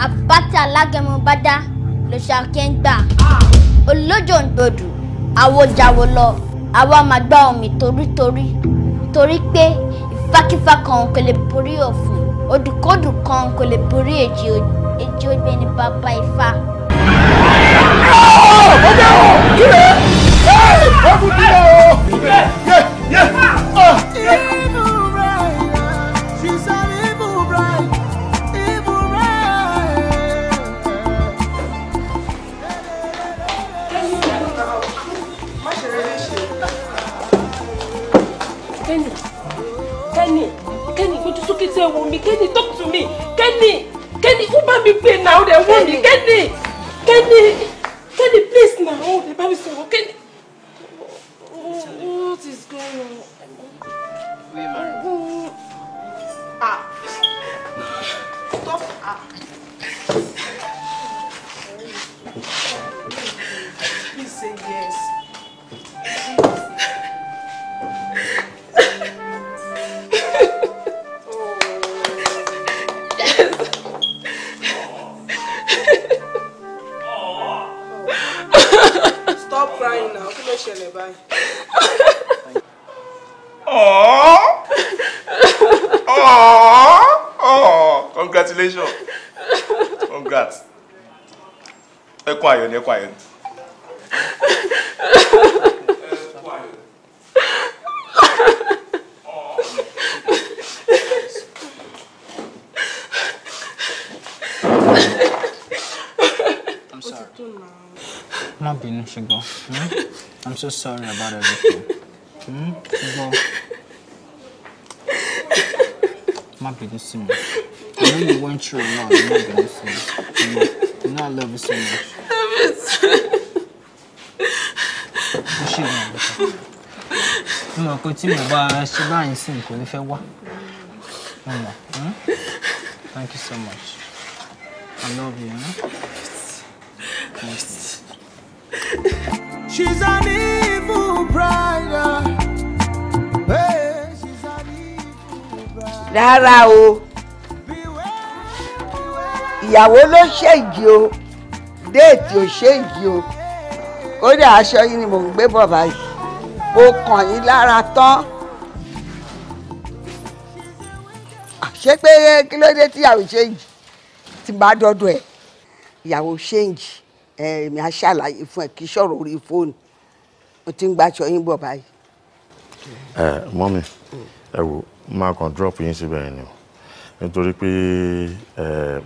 àbátà alágẹmọ bá dá ló ṣàkẹ́ ń gbà ah! olójó ń gbòdù àwòjáwò lọ àwa máa gbá omi torítorí torí pé ìfákífá kan kò lè borí òfin odùkodù kan kò lè borí èjì èjì ogbè bàbá ifá. ọjọ́ kí ló ń bá fún mi lọ. dẹ̀ wò Kenny talk to me Kenny Kenny ó bá mi pè náà ó dẹ̀ wò Kenny Kenny Kenny please now. The baby bá mi Kenny. What is going on? Ah. ṣẹlẹ̀ báyìí. ọ̀ọ́ congratulations congrats ẹkún ayọ̀ ni ẹkún ayọ̀ ni. má bínú ṣùgbọ́n hmm? i'm so sorry about everything hmm? ṣùgbọ́n má bínú sí mi i know you went through a lot má bínú sí you know i love you so much. ó ṣì wà lọ́kàn mo mọ̀ pé tí mo bá ṣe báyìí sí kò ní fẹ́ wá mo hmm? thank you so much i love you. Huh? Thank you. She's an evil bride. Hey, she's an evil bride. Rárá o. Ìyàwó ló ṣèjì o. Déètì ò ṣèjì o. Kódà aṣọ yìí ni mò ń gbé bọ̀ báyìí. Mo kàn yín lára tán. Ṣé pé kí ló dé tíyàwó ṣèjì? Tí bá dọ́dọ̀ ẹ̀, ìyàwó ṣèjì èmi á ṣàlàyé fún ẹ kì í sọ̀rọ̀ orí fóònù mo ti ń gbàṣọ yín bọ̀ báyìí. ẹ mọ́mí ẹ wò máa kàn drop yín síbẹ̀ yẹn ni o nítorí pé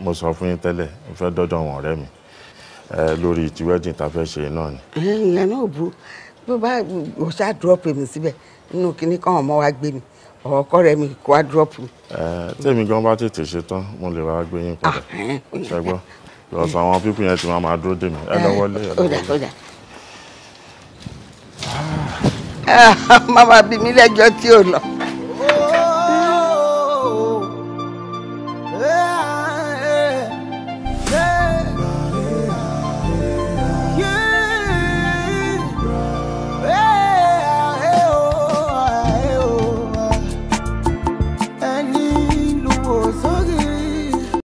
mo sọ fún yín tẹ́lẹ̀ mo fẹ́ dọ́dọ̀ àwọn ọ̀rẹ́ mi lórí ti wedding tá fẹ́ ṣe náà ni. ìyẹn náà bu bí o bá o ṣáà drop mi síbẹ̀ nínú kinní kan ọmọ wa gbé mi ọkọ rẹ mi kó a drop. tèmi gan bá tètè ṣe tán mo lè wá gbé yín padà ah, ṣe because àwọn pípín yẹn ti máa máa dúró dè mí ẹ lọ eh, wọlé ẹ lọ wọlé. Ah, máa bí mi lẹ́jọ́ tí ò lọ.